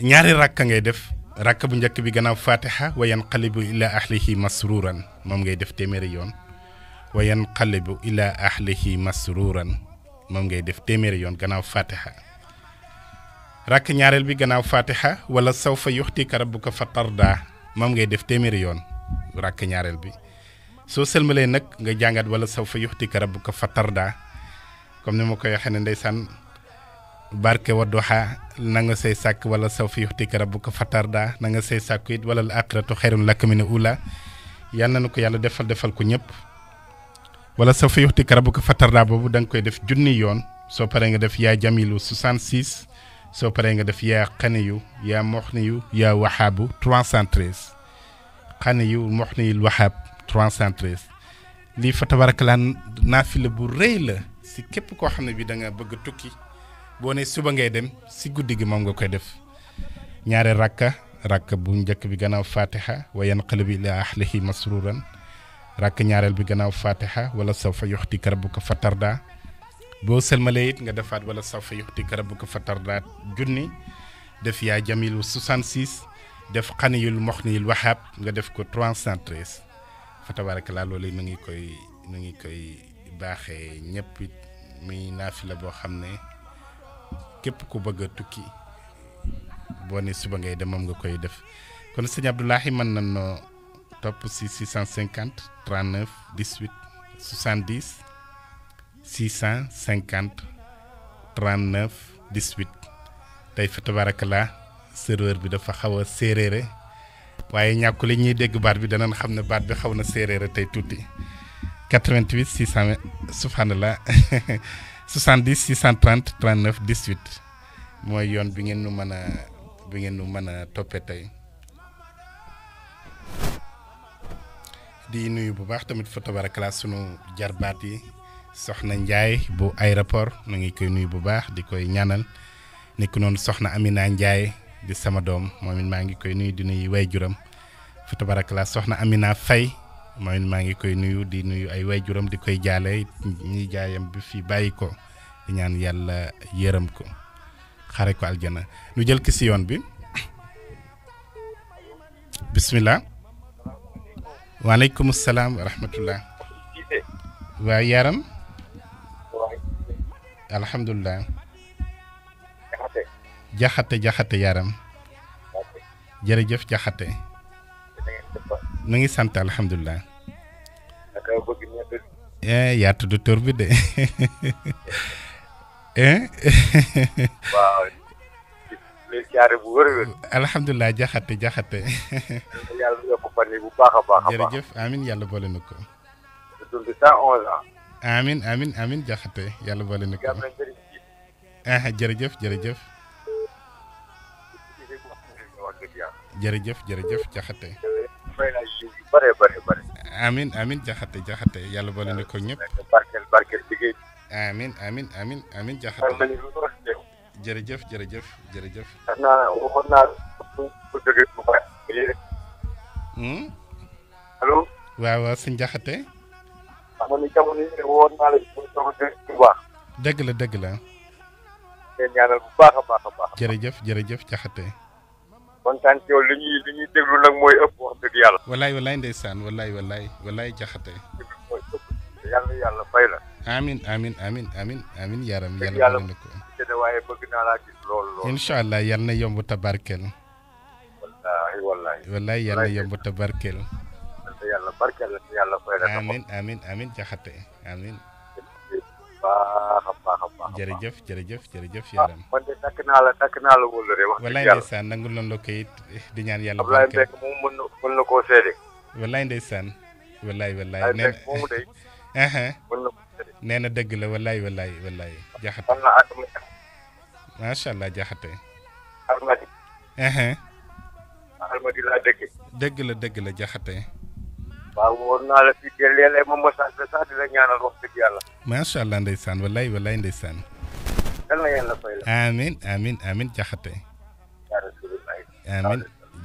ñaari rakka ngay def rakka bu njëkk bi gëna fatiha wa yanqalibu ila ahlihi masruran mom ngay def téeméeri yoon wa yanqalibu ila ahlihi masruran moom ngay def téeméeri yoon gannaaw fatiha rakk ñaareel bi gannaaw fatiha wala saw fa yuxtika rabbuka fa tarda moom ngay def téeméeri yoon rakk ñaareel bi soo sëlmalee nag nga jàngat wala saw fa yuxtika rabbuka fa tarda comme ni ma koy waxee ne ndeysaan barke Wadduha na nga say sàkk wala saw fi yuxtika rabbuka fa tarda na nga say sàkk it wala al axiratu xayrun laka mina ula yal na ko yàlla defal defal ko ñëpp wala sa fa karabu karabuka fatarda boobu danga koy def junni yoon soo paree nga def yaa jamilu 66 soo paree nga def yaa xaniyu yaa moxniyu yaa waxaabu 313 xaniyu moxniyul waxaab 313 lii fa tabarakalaan naafila bu rëy la si képp koo xam ne bi da nga bëgg tukki boo ne suba ngay dem si guddi gi moom nga koy def ñaare rakka rakka bu njëkk bi gannaaw fatiha wa yanqalibu ila ahlihi masruran rakk ñaareel bi gannaaw fatiha wala sawfa yuxtika rabbuka fatarda boo sëlmalee it nga defaat wala sawfa yuxtika rabbuka fatarda junni def yaa jamilu 66 def xaniyul moxniyul waxaab nga def ko 313 fa tabaarakallaa loolu nu ngi koy nu ngi koy baaxee ñëpp it muy la boo xam ne képp ku bëgg a tukki boo ne suba ngay dem nga koy def kon sëñ Abdoulahi mën na noo topp si 39 18 70 650 39 18 tey fa tabarakallah serveur bi dafa xaw serere, séeréere waaye ñàkku li ñuy dégg baat bi danañ xam ne baat bi xaw na séeréere tey tuuti 88 600 subhanallah 70 630 39 18 mooy yoon bi ngeen nu mën a bi ngeen nu mën a toppee di nuyu bu baax tamit fa tabarakalaa sunu jarbaat yi soxna Ndiaye bu aéroport mu ngi koy nuyu bu baax di koy ñaanal nekk noonu soxna Amina Ndiaye di sama doom moom it maa ngi koy nuyu di nuyu waajuram fa tabarakalaa soxna Amina Faye moom maa ngi koy nuyu di nuyu ay waajuram di koy jaale ñuy jaayam bi fi bàyyi ko di ñaan yàlla yërëm ko xare ko aljana nu jël ki si yoon bi bismillah waaleykum salaam wa rahmatullah yaram alhamdulilah jaxate jaxate yaram jërëjëf jaxate nu ngi sant alhamdulilah eh, yaa tudd tur bi de eh? leen jaare bu wër wër alhamdulilah jaxate jaxate yàlla yokk amin yàlla boole na ko amin amin jaxate yàlla boole na ko ah jërëjëf jërëjëf jërëjëf jërëjëf jaxate bare bare amin amin jaxate jaxate yàlla boole na ko ñëpp jërëjëf jërëjëf jërëjëf. xam naa waxoon naa ko jógee bu baax. Hmm? allo. waaw waaw sëñ Jaxate. xam nga ni jamono yi woon naa la bu baax. dëgg la dëgg la. ngeen ñaanal bu baax a baax a baax. jërëjëf jërëjëf Jaxate. kontaan ci yow li ñuy li ñuy déglu nag mooy ëpp wax dëgg yàlla. walaay walaay ndeysaan walaay walaay walaay Jaxate. yàlla yàlla fay la. amiin amiin amiin amiin amiin yaram yàlla. yàlla xamante ne waaye bëgg naa laa gis loolu loolu. incha allah yal na yomb tabarkel. wallaahi wallaahi. yal na yomb tabarkel. yàlla barkeel la yàlla fay la. amiin amiin amiin jaxate amiin. baax a baax a baax. jërëjëf jërëjëf ah, takk naa la takk naa la nangu loon la kayit di ñaan yàlla. barkeel Ablaye Mbek moom mën na mën na nee na dëgg la wallaay wallaay wallaay jaxate macha allah jaxate almadi almadi laa dëgg dëgg la dëgg la jaxate waaw allah ndeysaan wallaay wallaay ndeysaan yal na amin amin jaxate amin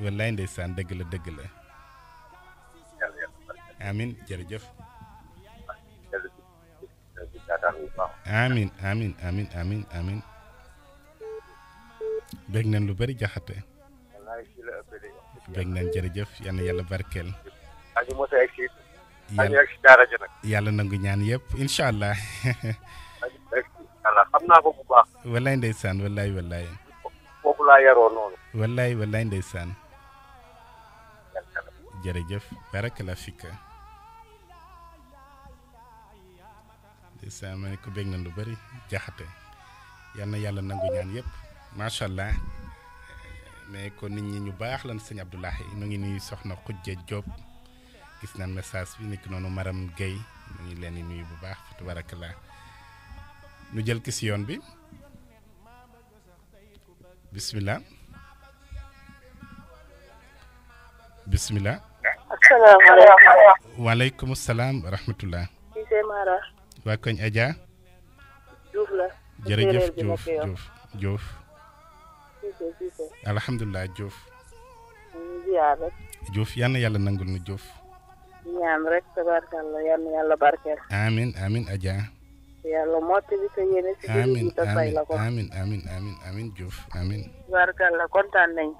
wallaay ndeysaan dëgg la dëgg la. amin jërëjëf. amin amin amin amin amin lu bari jaxate bëgg nañ jërëjëf na yàlla barkeel yàlla nangu ñaan yëpp incha allah wallaay ndeysaan wallaay wallaay wallaay ndeysaan jërëjëf barakala fikka ndeysaan ma ne ko bég na lu bari jaxate yal na yàlla nangu ñaan yëpp macha allah ne ko nit ñi ñu baax lan sëñ Abdoulahi ñu ngi nuyu soxna Xujja job gis na message bi nekk noonu Maram gay ñu ngi leen di nuyu bu baax tabarakallah ñu jël bi bismillah bismillah السلام عليكم وعليكم السلام ورحمة الله waa koñ Adja. Diouf la. jërëjëf Diouf Diouf Diouf. alhamdulilah Diouf. ziar rek. Diouf yal na yàlla nangul nu Diouf. ñaan rek tabarkalla yal na yàlla barkeel. amiin amiin Adja. yàlla mottali sa yéene si biir bi tasay la ko. amiin amiin amiin amiin Diouf amiin. tabarkalla kontaan nañ.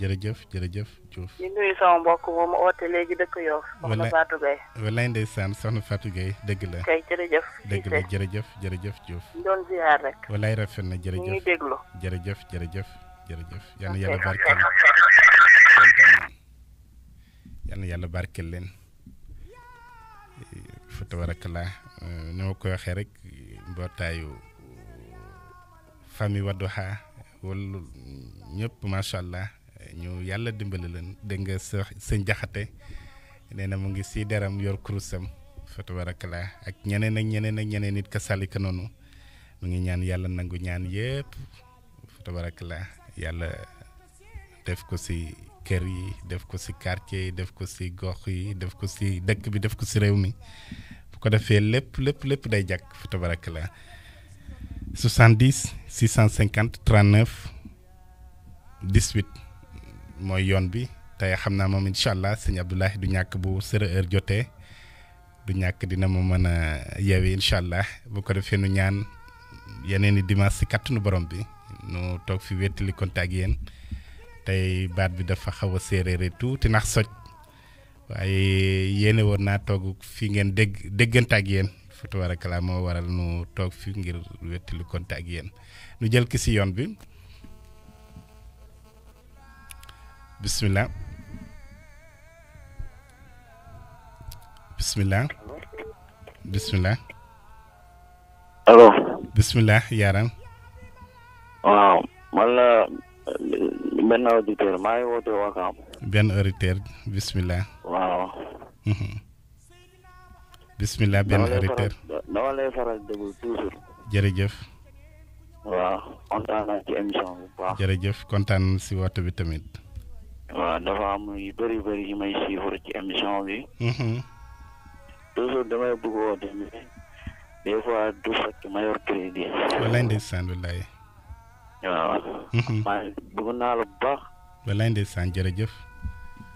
jërëjëf jërëjëf. Diouf di nuyu sama mbokk moom oote léegi dëkk Yoff. soxna Fatou Gueye walaay ndeysaan soxna Fatou Gueye dëgg la. jërëjëf. jërëjëf jërëjëf Diouf. jërëjëf jërëjëf jërëjëf jërëjëf. yal na yàlla barkeel yal na yàlla barkeel leen. fa tabarakallah eh, koy waxee rek mbootaayu famille Wadduha wala ñëpp macha allah. ñu yàlla dimbali leen dégg nga sa sëñ jaxate nee na mu ngi si deram yor kurusam fatu barakala ak ñeneen ak ñeneen ak ñeneen nit ka salika noonu mu ngi ñaan yàlla nangu ñaan yépp fatu barakala yàlla def ko si kër yi def ko si quartier yi def ko si gox yi def ko si dëkk bi def ko si réew mi bu ko defee lépp lépp lépp day jàkk fatu barakala 70 650 39 18 mooy yoon bi tey xam naa moom incha allah sëñ Abdoulahi du ñàkk bu sër heure jotee du ñàkk dina ma mën a yeewee incha allah bu ko defee nu ñaan yeneen i dimanche si kattanu borom bi nu toog fi wettali contact yéen tey baat bi dafa xaw a séeréere tuuti nax soj waaye yéene woon naa toog fi ngeen dégg déggante ak yéen fa moo waral nu toog fi ngir wettali contact yéen nu jël ki si yoon bi. bisimilah bisimilah bisimilah. allo. bisimilah Yaram. waaw man la benn auditeur maa ngi Wakaam. benn auditeur bisimilah. waaw. Mhm. bisimilah benn auditeur. dama lay faral déglu toujours. jërëjëf. waaw kontaan naa ci émission bi bu baax. kontaan si woote bi tamit. waaw dafa am yu bëri bëri yu may suivre ci émission bi. Mhm. toujours damay bëgg a woote mais des fois du fekk ma yor crédit. walaay ndeysaan walaay. waaw. Mhm. maa bëgg naa la bu baax. walaay ndeysaan jërëjëf.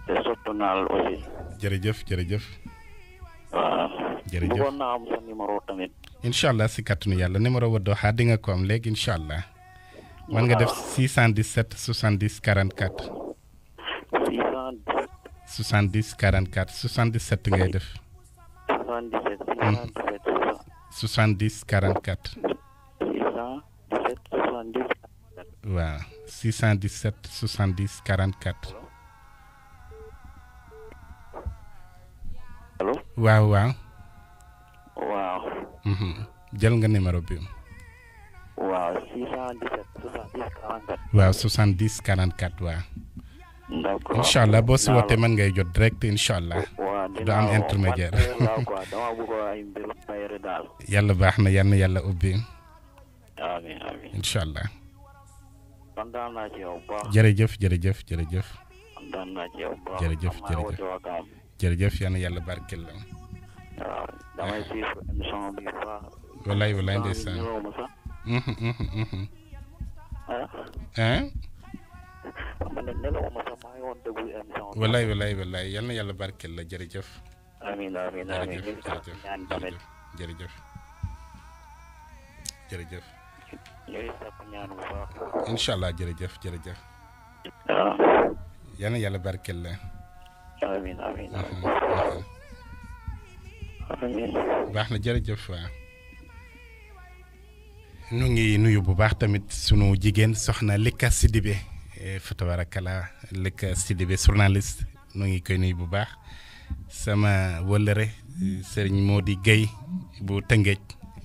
te sopp naa la aussi. jërëjëf jërëjëf. waaw. jërëjëf bëggoon naa am sa numéro tamit. incha allah si kàttanu yàlla numéro Wadduha di nga ko am léegi incha allah. mën nga def 617 70 44. 70 44 77 ngay def. 77 77. 70 44. 617 70. waaw 617 70 44. allo. waaw waaw. waaw. Mhm. jël nga numéro bi. waaw 617 70 44. waaw 70 44 waaw. d'accord incha allah boo si wootee mën ngay jot direct incha allah. du am intermédiaire. yàlla baax na yal na yàlla ubbi. amiin amiin incha allah. jërëjëf jërëjëf jërëjëf. jërëjëf jërëjëf jërëjëf yal na barkeel la. waaw damay ah. suivre émission bi ma ne nelawuma wallaay wallaay wallaay yàlla barkeel la jërëjëf. amiin amiin amiin jërëjëf allah jërëjëf jërëjëf. waaw. Ah. yàlla barkeel la. amiin amiin mm-hmm, mm-hmm. baax na jërëjëf waaw. nu ngi nuyu bu baax tamit sunu jigéen soxna Lika Sidibé. fa tabarakala lëkk Sidibé journaliste noo ngi koy nii bu baax sama wëllëre sëriñ Modou Guèye bu Tëngéej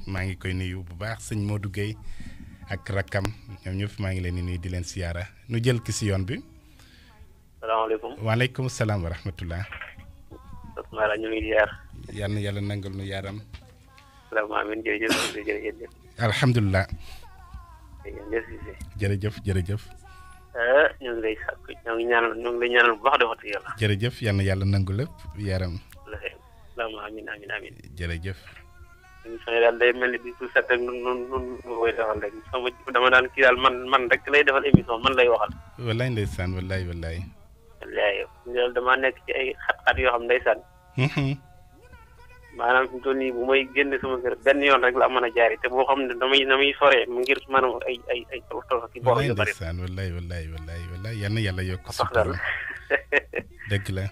maa ngi koy nuyu bu baax sëñ Modou Guèye ak rakkam ñoom ñëpp maa ngi leen di nuyu di leen siyaara nu jël ki si yoon bi. salaamaaleykum waaleykum salaam wa rahmatulah. yàlla nangal nu yaaram. salaam amiin jërëjëf jërëjëf. alhamdulilah. jërëjëf jërëjëf. Eh, ñu ngi lay sàkk ñoo ngi ñaanal ñoo ngi lay ñaanal bu baax de wax dëgg yàlla. jërëjëf yal na yàlla nangu lépp yaram. alhamdulilah amiin amiin amiin. jërëjëf. émission yi daal day mel ni bi su set rek nun nun nun nga koy dama daan kii daal man man rek lay defal émission man lay waxal. wallaay ndeysaan wallaay wallaay. wallaay damaa nekk ci ay xat-xat yoo xam ndeysaan. maanaam fi mu toll nii bu may génn sama kër benn yoon rek la mën a jaari te boo xam ne damay damay soree mu ngir maanaam ay ay ay tolof tolof ki bor yu bari wallaay wallaay wallaay wallaay yal yokk sutura dëgg la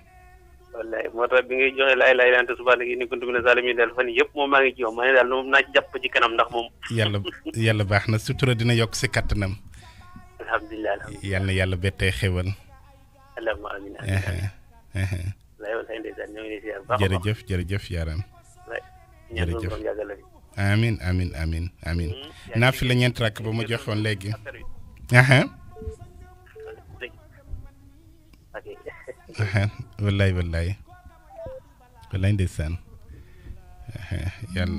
wallaay moo bi ngay joxe laay laay laante subaa nag ni kuntu mina zaalimiin daal yëpp moom maa ma ne daal moom naa jàpp ci kanam ndax moom yàlla yàlla baax na sutura dina yokk si kattanam alhamdulilah alhamdulilah yal na yàlla bettee xewal allahumma amiin amiin jërëjëf jërëjëf yaaram jërëjëf amin amin amin amin naa la ñeent rakk ba ma joxoon léegi. wallaay wallaay wallaay ndeysaan yal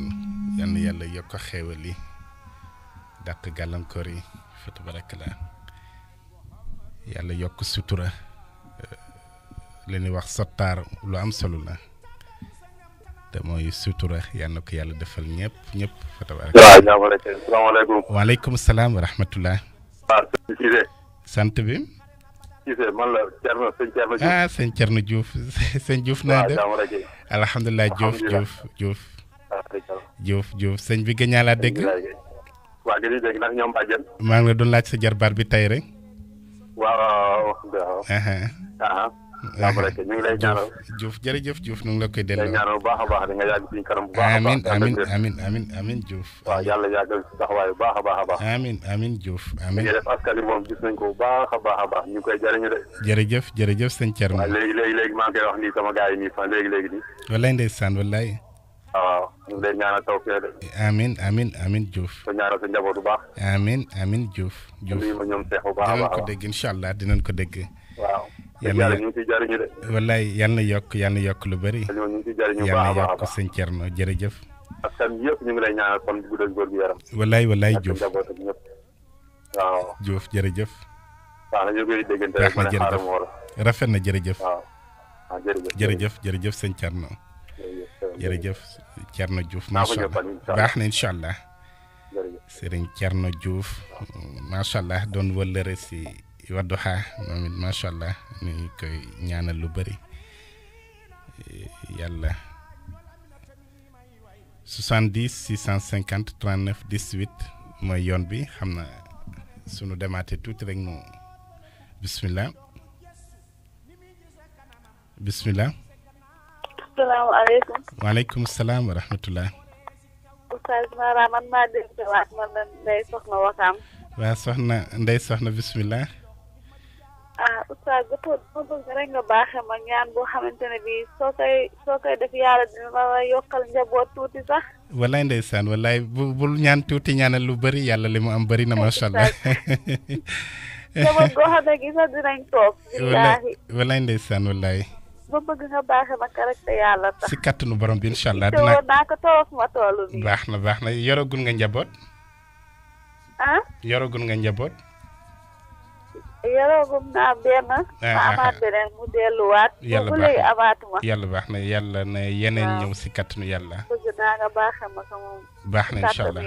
yal na yàlla yokk a xéewal yi dàq gàllankoor yi fa tabarakallah yàlla yokk sutura euh, li ñuy wax sottaar lu am solo la te mooy sutura yal ko yàlla defal ñëpp ñëpp. fa tabaraka waaw salaamaaleykum. waaleykum salaam wa ah, sant bi. Cissé man la Thierno sëñ Thierno Diouf. Ah, naa def waaw alhamdulilah Diouf Diouf ah, Diouf. Diouf Diouf bi gëj naa laa dégg. maa ngi doon laaj sa jarbaar bi tey rek. après ñu ngi lay ñaanal jërëjëf Diouf ñu ngi la koy delloo bu baax a baax di nga yàgg ci kanam bu baax a baax amin amin amin amin Diouf bu baax a baax a baax amin amin Diouf amin nga def askan yi nañ ko bu baax a baax a baax ñu koy jëriñu de jërëjëf jërëjëf sëñ Thierno waaw léegi léegi léegi maa ngi koy wax nii sama gars yi nii fan léegi léegi nii wallaay ndeysaan wallaay waaw ñu ngi lay ñaanal taw fee de amin amin amin Diouf sa ñaanal sa njaboot bu baax amin amin Diouf Diouf ma ñoom seex bu baax a baax dinañ ko dégg allah dinañ ko dégg yàlla ñu ngi ciy jariñu de wallaay yal na yokk yal na yokk lu bëri ñu ngi ciy jariñu baax yal na yokk sëñ Thierno jërëjëf askan yëpp ñu ngi lay ñaanal kon guddal góor gu yaram wallaay wallaay Diouf waaw Diouf jërëjëf waaw na ñu koy déggante rek na jërëjëf rafet na jërëjëf waaw jërëjëf jërëjëf sëñ Thierno jërëjëf Thierno Diouf macha allah baax na incha allah sëriñ Thierno Diouf macha allah doon wëllëre si Wadduha moom it macha allah ñu ngi koy ñaanal lu bëri yàlla 70 650 39 18 mooy yoon bi xam na sunu demaate tuuti rek ñu bismillah bismillah. salaamaaleykum. waaleykum salaam wa rahmatullah. Oustaz Mara man bismillah. ah oustaz dafa ma bëgg rek nga baaxee ma ñaan boo xamante bii soo koy soo koy def yàlla dina la yokkal njaboot tuuti sax. wallaay ndeysaan wallaay lu bëri yàlla li am bëri na macha allah. njaboot goo xam wallaay ba bëgg nga baaxee ma ko yàlla tax. si kattanu borom bi incha allah dinaa naa ko ma toolu bi. baax na baax na yoragul nga njaboot. ah. yoragul nga njaboot. yàlla gum naa benn. ma amaat beneen mu delluwaat. yàlla baax na amaatuma. yàlla baax na yàlla na yeneen ñëw si kattanu yàlla. bëgg naa nga baaxee ma sama. baax na incha allah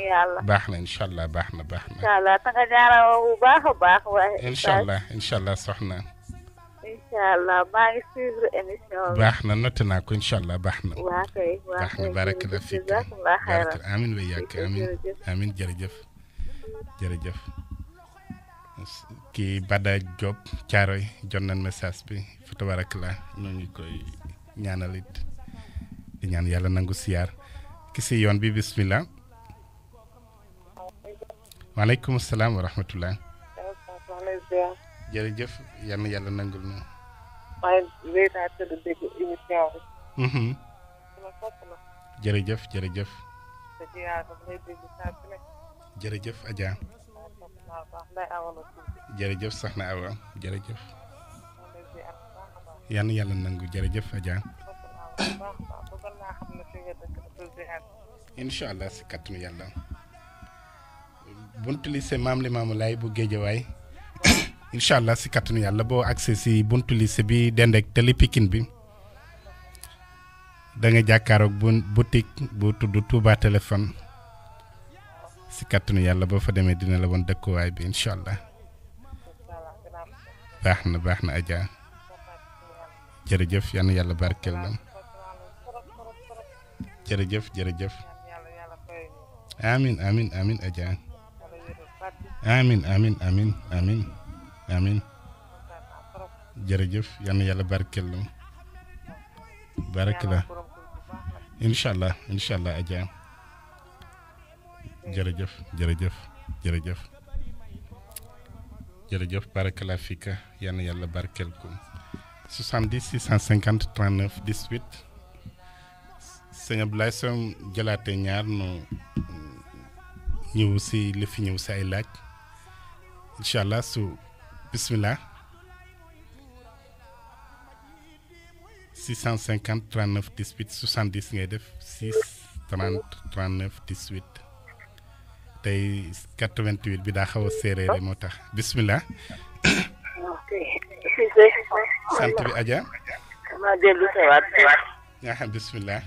baax na incha allah baax na baax na. incha allah te nga ñaanal bu baax a baax waaye. incha allah incha allah soxna. incha allah maa ngi suivre émission bi. baax na noté naa ko incha allah baax na. waa kay waa kay baraka la fi. amiin waay yàkk amiin amiin jërëjëf jërëjëf. kii Bada Diop Thiaroy jot nañ message bi fa tabarakallah ñoo ngi koy ñaanal di ñaan yàlla nangu siyaar ki si yoon bi bismillah waaleykum salaam wa rahmatullah jërëjëf yàlla nangul mhm. jërëjëf jërëjëf jërëjëf Adja jërëjëf soxna Awa jërëjëf yan yàlla nangu jërëjëf Adja incha allah si kàttanu yàlla buntu lycée maam Limaamu Laay bu Géejawaay incha allah si kàttanu yàlla boo agsee si buntu lycée bi dend ak tali bi da nga jàkkaaroog bu bu tudd tuuba téléphone. si kàttanu yàlla boo fa demee dina la woon dëkkuwaay bi incha allah baax na baax na Adja jërëjëf yal na yàlla barkeel la jërëjëf jërëjëf amin amin amin Adja amin amin amin amin amin jërëjëf yal yàlla barkeel la barak la incha allah incha allah Adja jërëjëf jërëjëf jërëjëf jërëjëf barakala fika yal na yàlla barkeel ko 70 sëñ jëlaatee ñaar nu ñëw si li fi ñëw si ay laaj incha allah su bismillah 650 39 18 70 ngay def 6 30 39 18. tey 88 bi daa xaw a séeréer moo tax bisimilah. sant bi Adja. maa dellu sa waat. yaa ah, xam ne.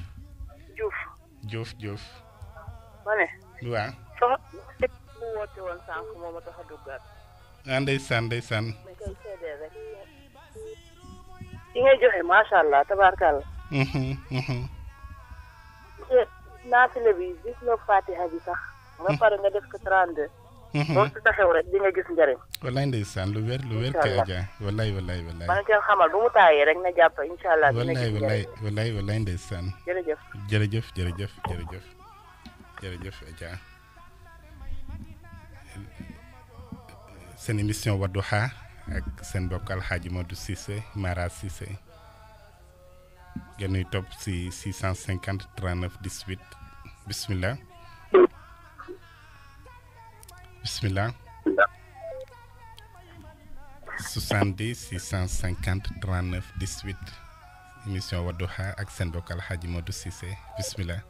waaw. soxna mu woote woon sànq moo ma tax a duggaat. ah ndeysaan ndeysaan. ma mhm, mhm. bi gis nga Fatiha bi sax. ba pare nga def ko 32. boo si taxew rek di gis njëriñ. wallaay ndeysaan lu wér lu wér kay Adja wallaay wallaay wallaay. man ngeen xamal bu mu taayee rek na jàpp incha allah. dina wallaay wallaay wallaay ndeysaan. jërëjëf jërëjëf jërëjëf jërëjëf jërëjëf Adja. seen émission Wadduha ak seen mbokk Alxaaji Modou Cissé Mara Cissé ngeen ñuy topp si 650 39 18 bismillah. bismillah trois-neuf, dix-huit. émission Wadduha accent vocal, Hadji Modou Sissé. bismillah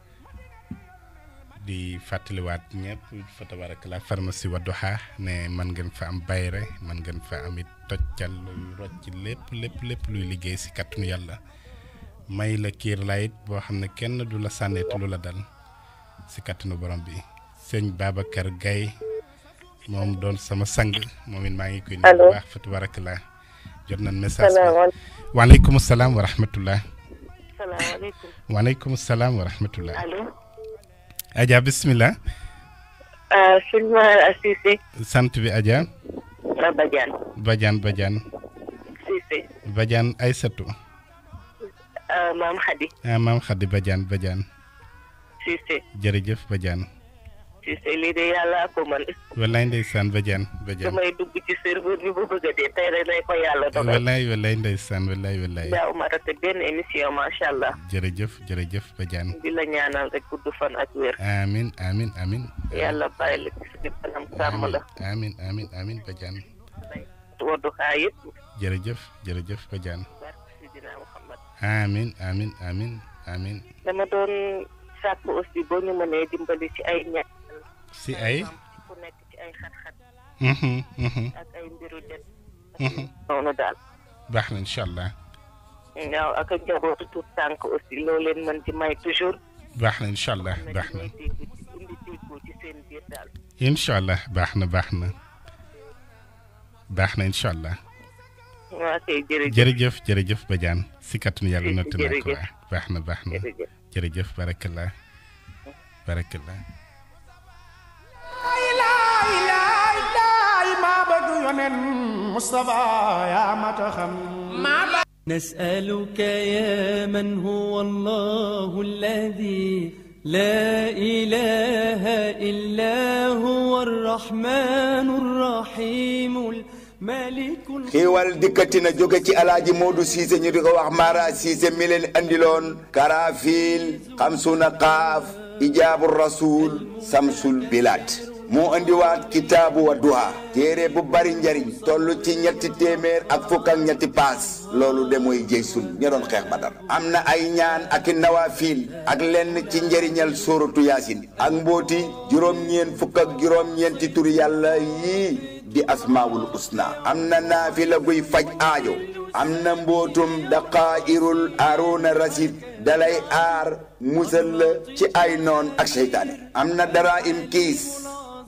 di fàttaliwaat ñëpp fa tabaraka la pharmacie Wadoha, ne man fa am bayre man fa amit toccal lu rocc lépp lep, lépp luy liggéey si katunu Yalla may la kir layit bo xam ne kenn du la sané lu la dal si katunu borom bi sëñ Babacar moom doon sama sang moom it maa ngi koy nuyu bu baax fa tabarakallah jot nan message waaleykum salaam wa rahmatullah waaleykum salaam wa rahmatullah allo Adja bismillah ah sëñ ma Cissé sant bi Adja ah, bajan. Badiane Badiane Cissé Badiane Aysatu ah Mam Khadi. ah maam Khady ah, bajan, Badiane Cissé jërëjëf Badiane Cissé lii de yàlla ko man wallaay ndeysaan Badiane Badiane damay a ndeysaan wallaay wallaay daaw ma rate benn ñaanal rek gudd fan ak wér amin amin amin yàlla bàyyi la ci suñu kanam sàmm la amin amin amin amin dama doon sàkk aussi boo ñu mënee dimbali ci ay ñaan si ay ku nekk ci ay mm-hmm, mm-hmm. Mm-hmm. baax na incha allah. waaw ak ak baax na incha allah baax na baax na baax na baax na incha jërëjëf jërëjëf jërëjëf Badiane si kàttanu yàlla na ko baax na baax na jërëjëf barakallah barakallah yonen Mustafa yaa mata xam نسألك يا من هو الله الذي لا إله إلا هو الرحمن الرحيم الملك xiiwal dikkati na jóge ci alaaji Modou Cissé ñu di ko wax Mara Cissé mi leen andiloon karafiil xamsuna xaaf ijaabu rasul samsul bilaat moo indiwaat kitaabu Wadduha téere bu bari njariñ toll ci ñetti téeméer ak fukk ñetti paas loolu de mooy jëy sun ña doon xeex Badar am na ay ñaan ak i nawafiil ak lenn ci njariñal sóoratu yaasin ak mbóoti juróom-ñeen fukk juróom-ñeenti turi yàlla yii di asmaawul usna am na naafila guy faj aajo am na mbootum daqaa'irul aaroona rasid dalay aar musal ci ay noon ak seytaane am na dara im kiis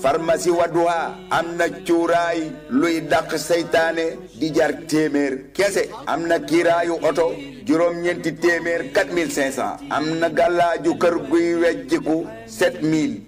pharmacie Wadduha am na cuuraay luy dàq seytaane di jar téeméer kese am na kiiraayu oto juróom-ñeenti téeméer 4500 am na gàllaaju kër guy wejjiku 7000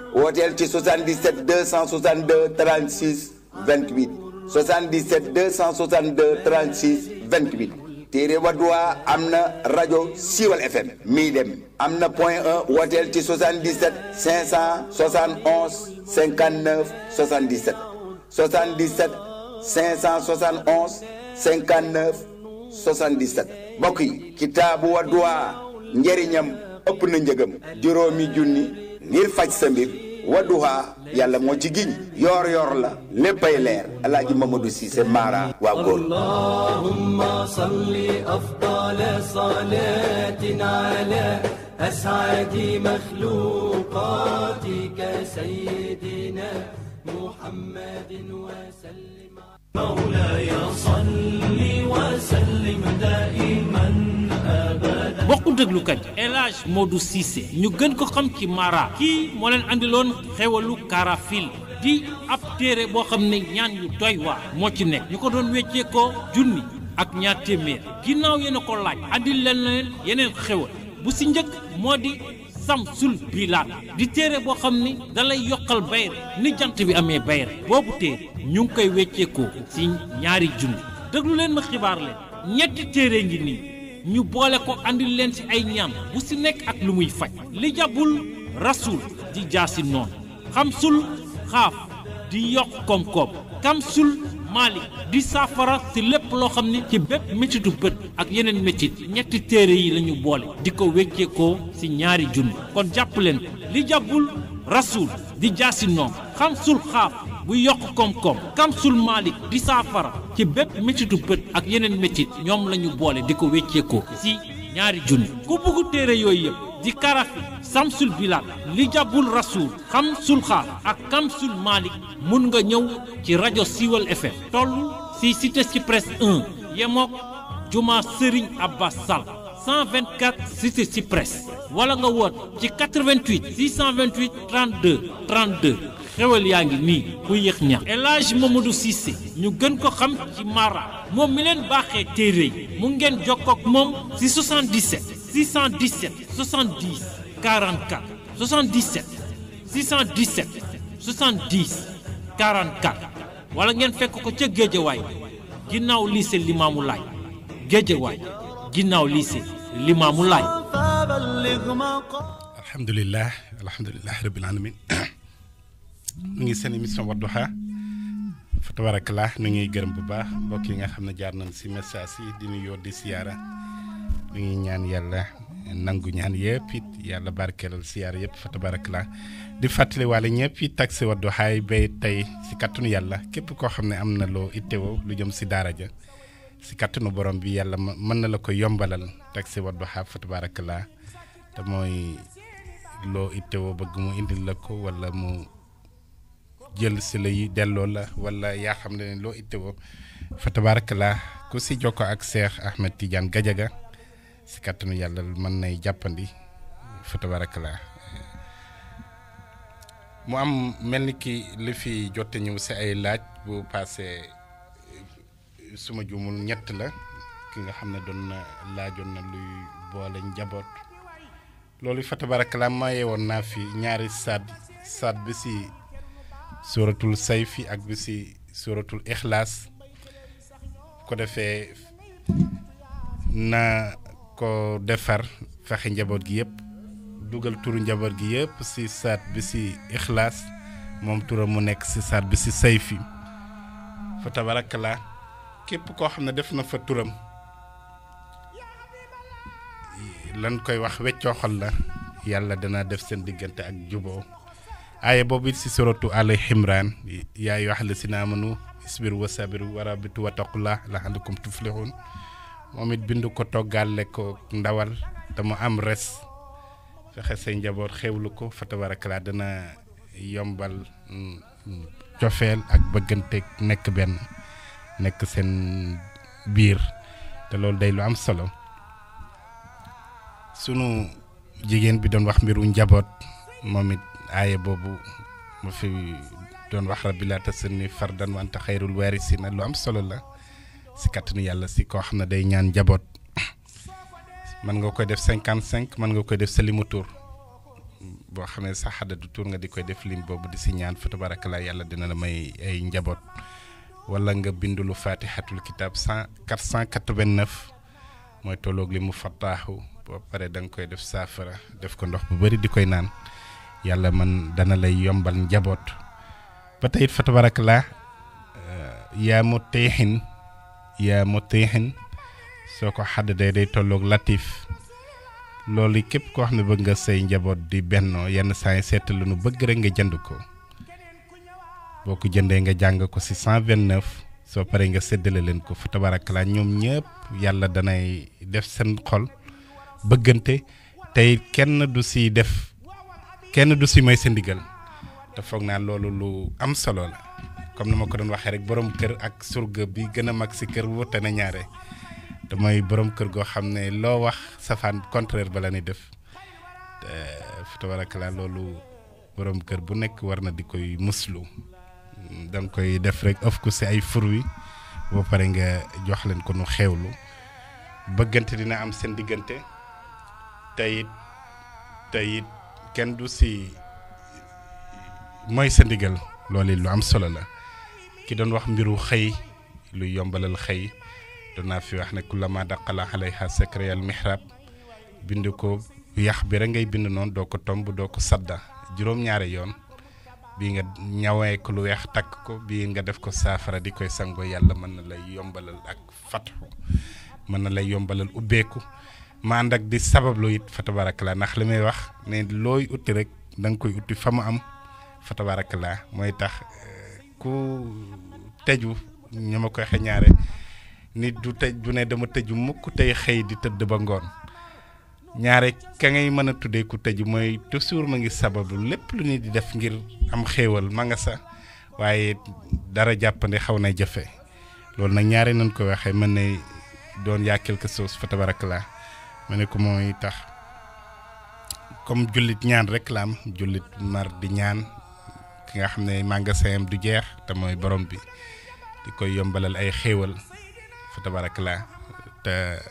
hôtel 77 262 36 28 77 262 36 28 Tire Wadoua Amna Radio Siwal FM Midem amna point 1 77 571 59 77 77 571 59 77 Boki Kitabu Wadoua ngir faj sa mbir wadduha yàlla moo ci giñ yor yoor la léppay leer alaaji mamadou cissé mara waa góor allahumma salli afdal salatin ala اسعد مخلوقاتك سيدنا محمد وسلم مولاي صل وسلم دائما déglukat yi El Hadj Modou Cissé ñu gën ko xam ci Mara kii moo leen andiloon xewalu karafil di ab téere boo xam ne ñaan yu tooy waar moo ci nekk ñu ko doon weccee ko junni ak ñaar téeméer ginnaaw yéen a ko laaj andil leen leen yeneen xewal bu si njëkk moo di samsul bilaat di téere boo xam ni dalay yokkal bayre ni jant bi amee bayre boobu téere ñu ngi koy wecceekoo ci ñaari junni déglu ma xibaar ñetti téere ngi nii ñu boole ko indi leen ci ay ñam bu ci nekk ak lu muy faj li jabul rasul di jaasi noon xamsul xaaf di yokk koom kamsul maalik di saafara si lépp loo xam ni ci bépp métitu bët ak yeneen métit ñetti téere yi lañu boole di ko wéccee ko si ñaari junni kon jàpp leen li jabul di jaasinoo xamsul xaaf bu yokk koom-koom kamsul maalik di saafara ci bépp métitu bët ak yeneen métit ñoom lañu ñu boole di ko wécceekoo si ñaari junni ku buggu téere yooyu yëpp di karafi samsul bilal li jabul rasul xamsul xaaf ak kamsul maalik mun nga ñëw ci rajo siiwal fm toll si cité ci presse 1 yemook juma sëriñ abbas sall 124 cité Cyprès wala nga wot ci 88 628 32 32 xewal yaangi ni nii ku yéex ñax El nous Mamadou Cissé ñu gën ko xam ci Mara mom mi leen baxé téere mu ngeen jokkoo mom ci 77 617 70 44 77 617 70 44 wala ngeen fekk ko ca Géejawaay ginnaaw lycée limamou lay Géejawaay ginnaw lycée limamu lay Alhamdulillah, Alhamdulillah rabbil alamin ñu ngi seen émission Wadduha fa tabarakallah ñu ngi gërëm bu baax mbokk yi nga xam ne jaar nañ si message yi di nuyoo di siyaara ñu ngi ñaan yàlla nangu ñaan yépp it yàlla barkeelal siyaara yépp fa tabarakallah di fàttali waale ñëpp it taksi Wadduha bay tey si kattanu yàlla képp koo xam ne am na loo lu jëm si daara ja si kattanu borom bi yàlla mën na la ko yombalal teg si Wadduha fa te mooy loo ittewoo bëgg mu indil la ko wala mu jël si lay delloo la wala yaa xam ne loo ittewoo fa tabarakallah ku si jokko ak Cheikh Ahmed Tidiane Gadiaga si kattanu yàlla mën nay jàppandi fa mu am mel ni ki li fi jotte ñëw si ay laaj bu paase. suma juumul ñett la ki nga xam ne doon na laajoon na luy boole njaboot loolu fa tabaarakalaam maye woon naa fi ñaari saad saad bi si suratul sayfi ak bi si suratul ixlaas ko defee na ko defar fexe njaboot gi yëpp dugal turu njaboot gi yëpp si saat bi si ixlaas moom tura mu nekk ci saat bi si sayfi fa tabarak képp koo xam ne def na fa turam lan koy wax weccooxal la yàlla danaa def seen diggante ak juboo aaya boobu it si suratu Al Imran yaa ayyuhaa allaziina aamanu isbiru wa sabiru wa rabbitu wa taqullaaha la'allakum tuflihun moom it bind ko toggale ko ndawal dama am res fexe say njaboot xewlu ko fa tabarakalaa dana yombal mm, mm, cofeel ak bëggante nekk benn nekk seen biir te loolu day lu am solo sunu jigéen bi doon wax mbiru njaboot moom it aaye boobu ma fi doon wax rabbi laa tasirni fardan wante xayrul na lu am solo la si kàttanu yàlla si koo xam ne day ñaan njaboot mën nga koy def cinquante cinq mën nga koy def sa limu tur boo xamee sa xadda du tur nga di koy def lim boobu di si ñaan fa tabarakallaa yàlla dina la may ay njaboot wala nga bindulu faatixatul kitaab cent quatre cent quatre-vingt-neuf mooy tolloog li mu fattaaxu ba pare da nga koy def saafara def ko ndox bu bari di koy naan yàlla man dana lay yombal njaboot ba tey it fa tabarak la euh, yaa mu teexin yaa mu teexin soo ko xaddaday day tolloog latif loolu képp koo xam ne bëgg nga say njaboot di bennoo yenn saa yi lu nu bëgg rek nga jënd ko boo ko nga jang ko si so vingt neuf nga séddale len ko fa danay def sen xol bëggante tay kenn du si def kenn du si may sen digal te fogg na loolu lu am solo la comme ni ko doon waxe rek borom kër ak surga bi gëna mag ci kër na ñaare te borom kër go xam lo wax safan contraire ba la ni def fa tabarakalaa loolu borom kër bu nekk warna di koy muslu da koy def rek ëf ko si ay fruits ba pare nga jox leen ko nu xewlu bëggante dina am seen diggante tayit tayit kenn du si mooy sa ndigal loolu lu am solo la ki doon wax mbiru xëy lu yombalal xëy doon fi wax ne kullama daqala alayha sakriyal mihrab bind ko yax bi rek ngay bind noonu doo ko tomb doo ko sadda juróom-ñaari yoon bii nga ñawee ko lu weex takk ko bii nga def ko saafara di koy sangoo yàlla mën na lay yombalal ak fatu mën na lay yombalal ubbeeku ma ànd ak di sabablu it fa tabaarakala ndax li may wax ne looy utti rek da nga koy utti fa mu am fa tabaarakala mooy tax eh, ku teju ñu ma koy xeñaare nit du tëj du ne dama tëju mukk tey xëy di tëdd ba ngoon ñaare ka ngay mën a tuddeeku te tëju mooy toujours ma ngi sababu lépp lu nit di def ngir am xéewal ma waaye dara jàppandi xaw na jafe loolu nag ñaare nañ ko waxee mën na doon yaa quelque chose fa tabarakalaa ma ne ko mooy tax comme jullit ñaan rek la am jullit mar di ñaan ki nga xam ne yam du jeex te mooy borom bi di koy yombalal ay xéewal fa tabarakalaa te.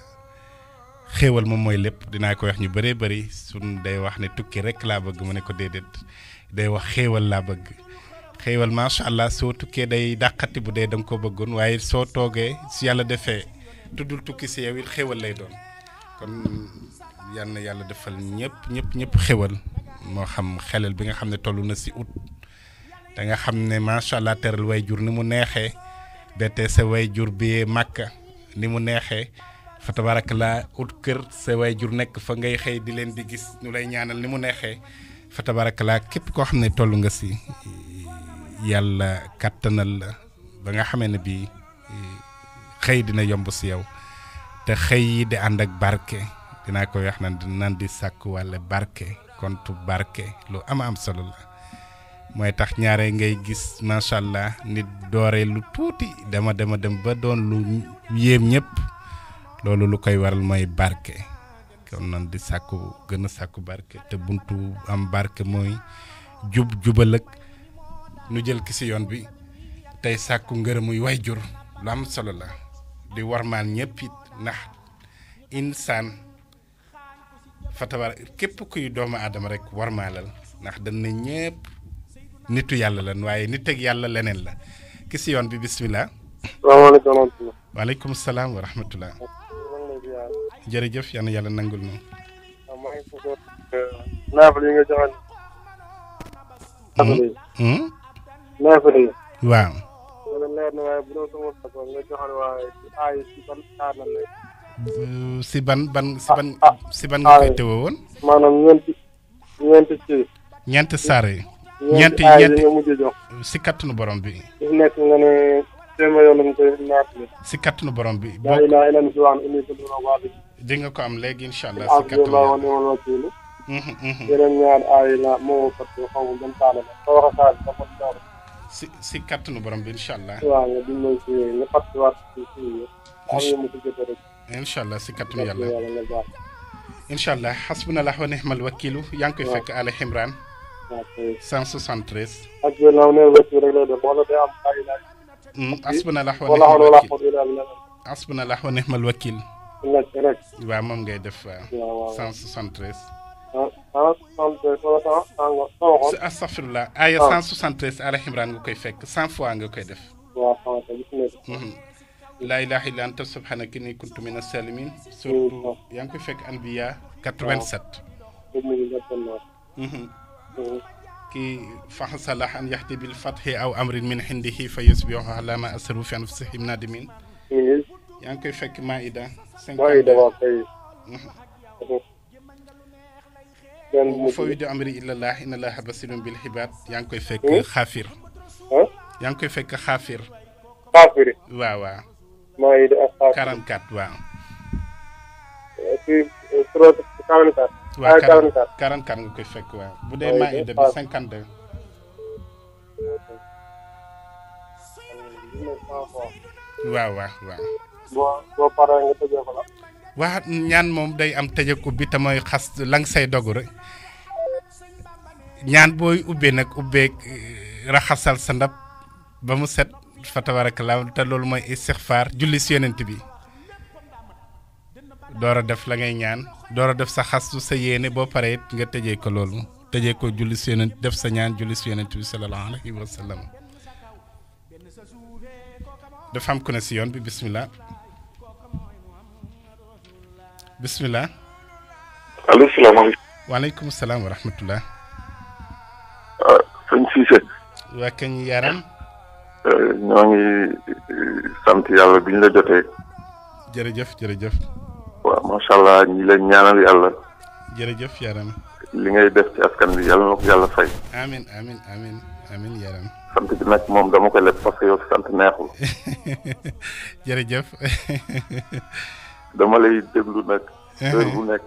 xéewal moom mooy lépp dinaa ko weex ñu bëree bëri su day wax ne tukki rek laa bëgg mu ne ko déedéet day wax xéewal laa bëgg xéewal macha allah soo tukkee day dàqati bu dee da nga ko bëggoon waaye soo toogee su yàlla defee tuddul tukki si yow it xéewal lay doon kon yal yàlla defal ñëpp ñëpp ñëpp xéewal moo xam xelal bi nga xam ne toll na si ut da nga xam ne macha allah teral way jur ni mu neexee bettee sa way jur bi makk ni mu neexee fa la ut keur se way jur nek fa ngay xey di len di gis ñu lay ñaanal ni mu nexé fa tabarak la kep ko tollu nga si yalla ba nga bi xey dina yomb si yow te xey yi di and ak barke dina koy wax nan nan di barke kontu barke lu ama am solo la moy tax ñaare ngay gis machallah nit doore lu tuti dama dama dem ba doon lu yem ñep loolu lu koy waral mooy barke kon nan di sàkku gën sàkku barke te buntu am barke mooy jub jubal ak nu jël ki si yoon bi tey sàkku ngërëmuy way jur lu am solo la di warmaan ñëpp ndax insaan fatabar képp kuy doomu aadama rek warmaalal ndax dañ ne nitu yàlla lan waaye nit ak yàlla leneen la ki yoon bi bisimilah. salaamaaleykum wa rahmatulah. salaam wa jërëjëf yal na yàlla nangul moom. Hmm? waaw maa ngi bëggoon naafale yi nga joxoon. naafale yi. si ban ban si ban. si ban nga koy teewoo woon. maanaam ñeenti ñeenti ci. yi. ñeenti ñeenti nga mujj jox. borom bi. fi nekk nga borom bi. boo daa ilaa si waan indi ko dina waa dinga ko am legi inshallah allah katou kattan yàlla wa ni'mal yeneen ñaar la moo fàtte xaw taala si si borom bi mu ko rek si yàlla allah wa ni'mal wakiilu yaa koy fekk Ala Imran 173 ak ni'mal wakiil rek day am la wa ni'mal wa ni'mal laajte rek. waaw moom ngay def waaw. 173. ah 173 wala sa astafirullah aaya 173 Al Imran nga koy fekk 100 fois nga koy def. waaw xaw laa ilaaha illa anta subhanaka inni kuntu mina salimin. surtout yaa ngi koy fekk anbiya 87. kii faxasalax an yaxti bil fatxi aw amrin min xindihi fa yusbihu ala ma asru fi anfusihim nadimin. yaa fekk Maïda. Maïda waaw kay. fawwidu amri koy fekk hmm? xaafir. koy fekk xaafir. xaafir. nga koy fekk waaw. bu dee waaw waaw. boo boo waa ñaan moom day am tëj ak ubbi mooy xas la nga say dogu rek ñaan booy ubbee nag ubbeeg eh, raxasal sa ndab ba mu set fa tabarakallah te loolu mooy istixfaar julli si yonent bi doora def la ngay ñaan door a def sa xastu sa yéene boo paree it nga tëjee ko loolu tëjee ko julli si yonent def sa ñaan julli si yonent bi sallallahu alayhi wa dafa am ku ne si yoon bi bismillah bisimilah. allo salaamaaleykum. waaleykum salaam wa rahmatulah. ah sëñ waa kañ yaram. Eh, ñoo ngi eh, sant yàlla bi ñu la jotee. jërëjëf jërëjëf. waaw macha allah ñi la ñaanal yàlla. jërëjëf yaram. li ngay def ci askan bi yàlla na ko yàlla fay. amiin amiin amiin amiin yaram. sant bi nag moom dama ko leb parce que sant neexul. jërëjëf. dama lay déglu nag. heure bu nekk.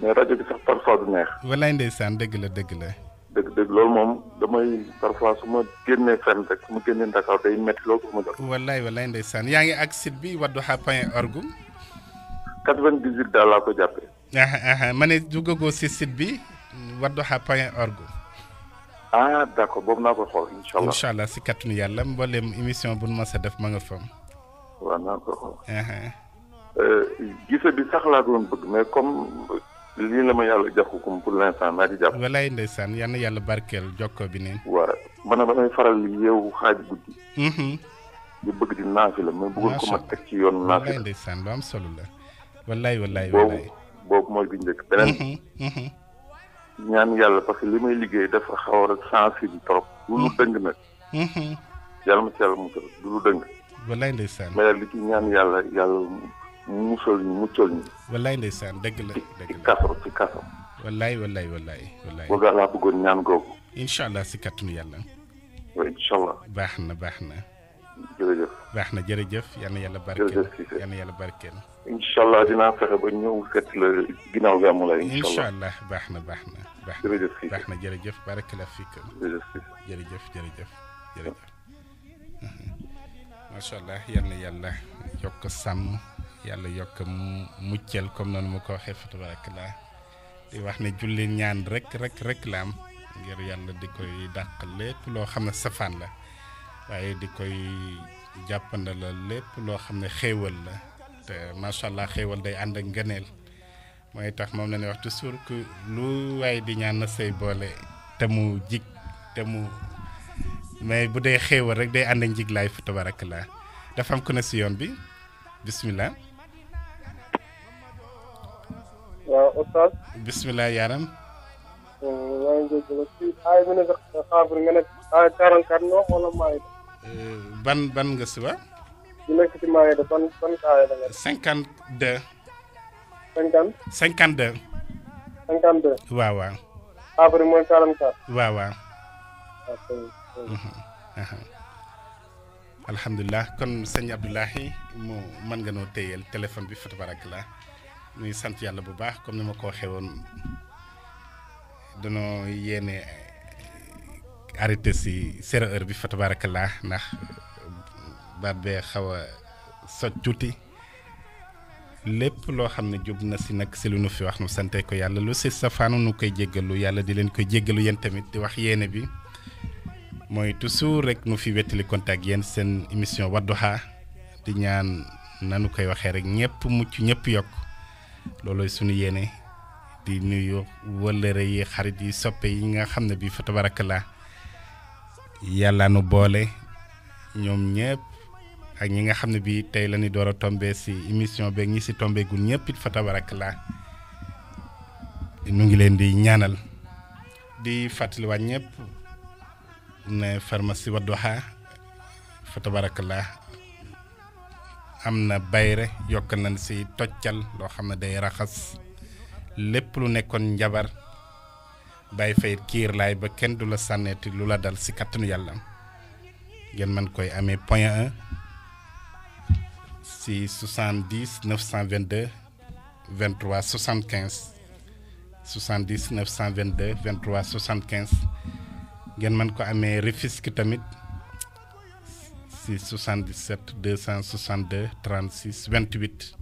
mais rajo bi sax parfois du neex. walaay ndeysaan dëgg la dëgg la. dëgg dëgg loolu moom damay parfois su ma génnee fenn rek su ma génnee Dakar day métti loolu pour ma jot. walaay walaay ndeysaan yaa ngi ak site bi waddu wadduha point org. 98 daal laa ko jàppee. ma ne duggagoo si site bi waddu xa point org. ah d' accord boobu naa ko xool incha allah incha allah si kàttanu yàlla mboolem émission bu nu mos a def ma nga fam. waaw naa ko xool. Euh, gise bi sax laa doon bëgg mais comme lii la ma yàlla jàkkukum pour l'instant naa ci jàpp. walaay ndeysaan yal na yàlla barkeel jokko bi ne. waaw man may faral yeewu xaaj guddi. Mm-hmm. di bëgg di naafi la mais bëggoon ko ma ci yoon naafi la. walaay ndeysaan lu am solo la. walaay walaay walaay boobu mooy bi njëkk beneen. Mm-hmm, mm-hmm. ñaan yàlla parce que li may liggéey dafa xaw a sensible trop. du lu dëng nag. yàlla ma ci yàlla musal du lu dëng. walaay ndeysaan mais li ci ñaan yàlla. musal ñu muccal ñu. wallaay ndeysaan dëgg la dëgg la wallaay wallaay wallaay wallaay. boobu daal laa bëggoon ñaan googu. incha allah si kàttanu yàlla. baax na baax na. jërëjëf. na jërëjëf yal na yàlla barkeel. jërëjëf yàlla barkeel. incha dinaa fexe ba ñëw seet la ginnaaw gàmmu lay. incha baax na baax na. jërëjëf Cissé baax na jërëjëf barakala fiik. jërëjëf Cissé jërëjëf jërëjëf jërëjëf. Mhm. macha allah yàlla yokk sàmm yàlla yokk mu muccal comme noonu mu ko waxee fa tabarakallah di wax ne julli ñaan rek rek rek la am ngir yàlla di koy dàq lépp loo xam ne safaan la waaye di koy jàppanda la lépp loo xam ne xéewal la te macha allah xéewal day ànd ak ngëneel mooy tax moom la ñuy wax toujours que lu waaye di ñaan na say boole te mu jig te mu mais bu dee xéewal rek day ànd ak njiglaay fa tabarakallah dafa am ku ne si yoon bi bismillah bismillah euh, ban ban nga 52 52 mooy 44 mhm, alhamdulillah kon seigne abdullahi mo man nga no teyel téléphone bi fatabarakallah ñuy sant yàlla bu baax comme ni ma ko waxee woon danoo yéene eh, arrêté si zéro heure bi fa tabarakallah ndax baat bee xawa a tuuti lépp loo xam ne jub na si nag si lu nu fi wax nu santee ko yàlla lu si safaanu nu koy jéggalu yàlla di leen koy jéggalu yéen tamit di wax yéene bi mooy toujours rek nu fi wettali contact yéen seen émission Wadduha di ñaan nanu koy waxee rek ñëpp mucc ñëpp yokk loolooy suñu yéene di nuyu wëllëre yi xarit yi soppe yi nga xam ne bi fa la yàlla nu boole ñoom ñëpp ak ñi nga xam ne bi tey lañuy door a tombé si émission beeg ñi si tombé gu ñëpp it fa tabarakallah nu ngi leen di ñaanal di fàttaliwaat ñëpp ne pharmacie Wadduha fa tabarakallah am na bayre yokk nañ si toccal loo xam ne day raxas lépp lu nekkoon njabar bàyyi fay kiirlaay ba kenn du la sànneeti lu la dal si kattanu yàlla ngeen mën koy amee point 1 si 70 922 23 75 70 922 23 75 ngeen mën ko amee Rufisque tamit. 77 262 36 28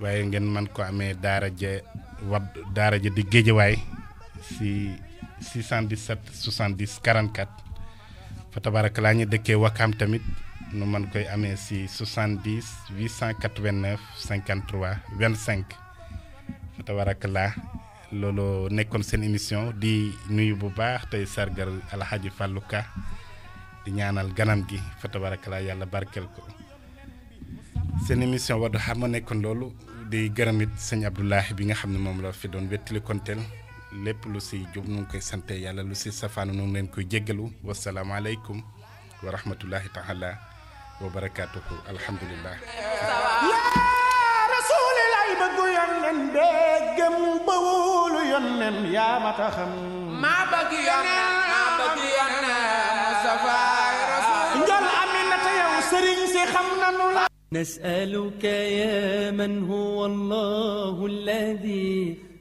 waye ngeen man ko amé daara je di way si 617 70 44 fa tabarak laa ñu wakam tamit nu man koy 70 889 53 25 fa tabarak laa Lolo nekkoon sen émission di nuyu bu baax tay sargal di ñaanal ganam gi fa tabarakalaa yàlla barkeel ko seen émission Wadduha ma nekkoon loolu di gërëm it sëñ Abdoulahi bi nga xam ne moom la fi doon wettali konteel lépp lu si jub nu ngi koy sante yàlla lu si safaanu nu ngi leen koy jéggalu wasalaamaaleykum wa rahmatullahi taala wa barakaatuhu alhamdulillah yaa rasuulilay bëggu yonnen bee gëm ba wóolu yonnen yaa mata نسألك يا من هو الله الذي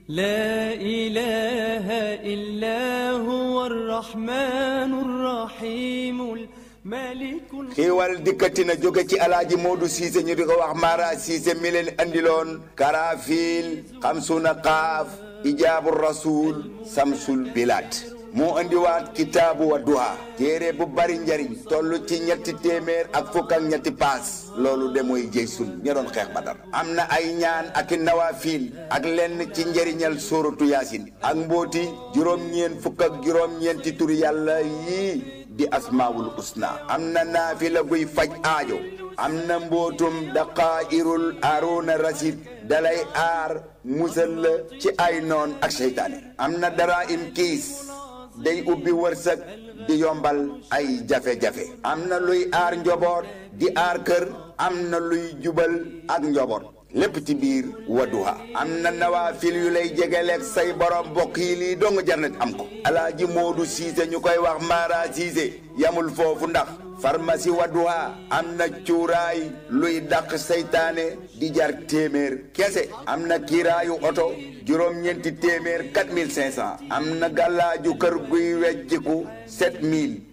لا إله إلا هو الرحمن الرحيم الملك كي والدكتنا جوكتي على جمودو سيزي نيريغو أحمارا سيزي ميلين أندلون كرافيل خمسون قاف إجاب الرسول سمسول بلاد moo indiwaat kitaabu Wadduha téere bu bari njariñ toll ci ñetti téeméer ak fukk ak ñetti paas loolu de mooy jëy sun ña doon xeex Badar am na ay ñaan ak i nawafiil ak lenn ci njariñal sóoratu yaasin ak mbóoti juróom-ñeen fukk ak juróom-ñeenti turi yàlla yii di asmaawul usna am na naafila guy faj aajo am na mbootum daqaa'irul aaroona rasid dalay aar musal la ci ay noon ak seytaane am na dara im kiis day ubbi wërsëg di yombal ay jafe-jafe am na luy aar njaboot di aar kër am na luy jubal ak njaboot lépp ci biir Wadduha am na nawaafil yu lay jegeleeg say borom mbokk yi lii dong jar am ko alaaji Moodu Siise ñu koy wax Mara Siise yamul foofu ndax farmasi Wadduha am na cuuraay luy daq seytaane di jar téeméer kese am na kiiraayu oto juróom-ñeenti téeméer 4500 am na gàllaaju kër guy wejjiku 7000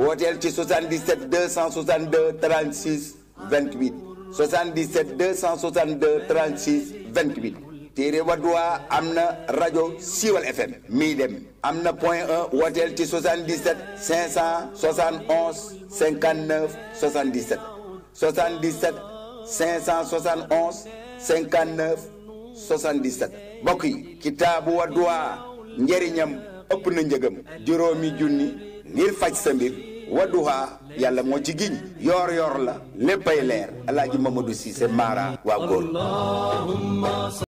wooteel 77 262 36 28 77 262 36 28 Tire Wadoua Amna Radio Siwal FM Midem. Amna point 1 wooteel 77 571 59 77 77 571 59 77 Boki yi Wadoua Wadduha njëriñam ëpp na njëgam mi junni wadduha yàlla moo ci giñ yor yoor la léppay leer alaaji Mamadou Cissé Mara waa góor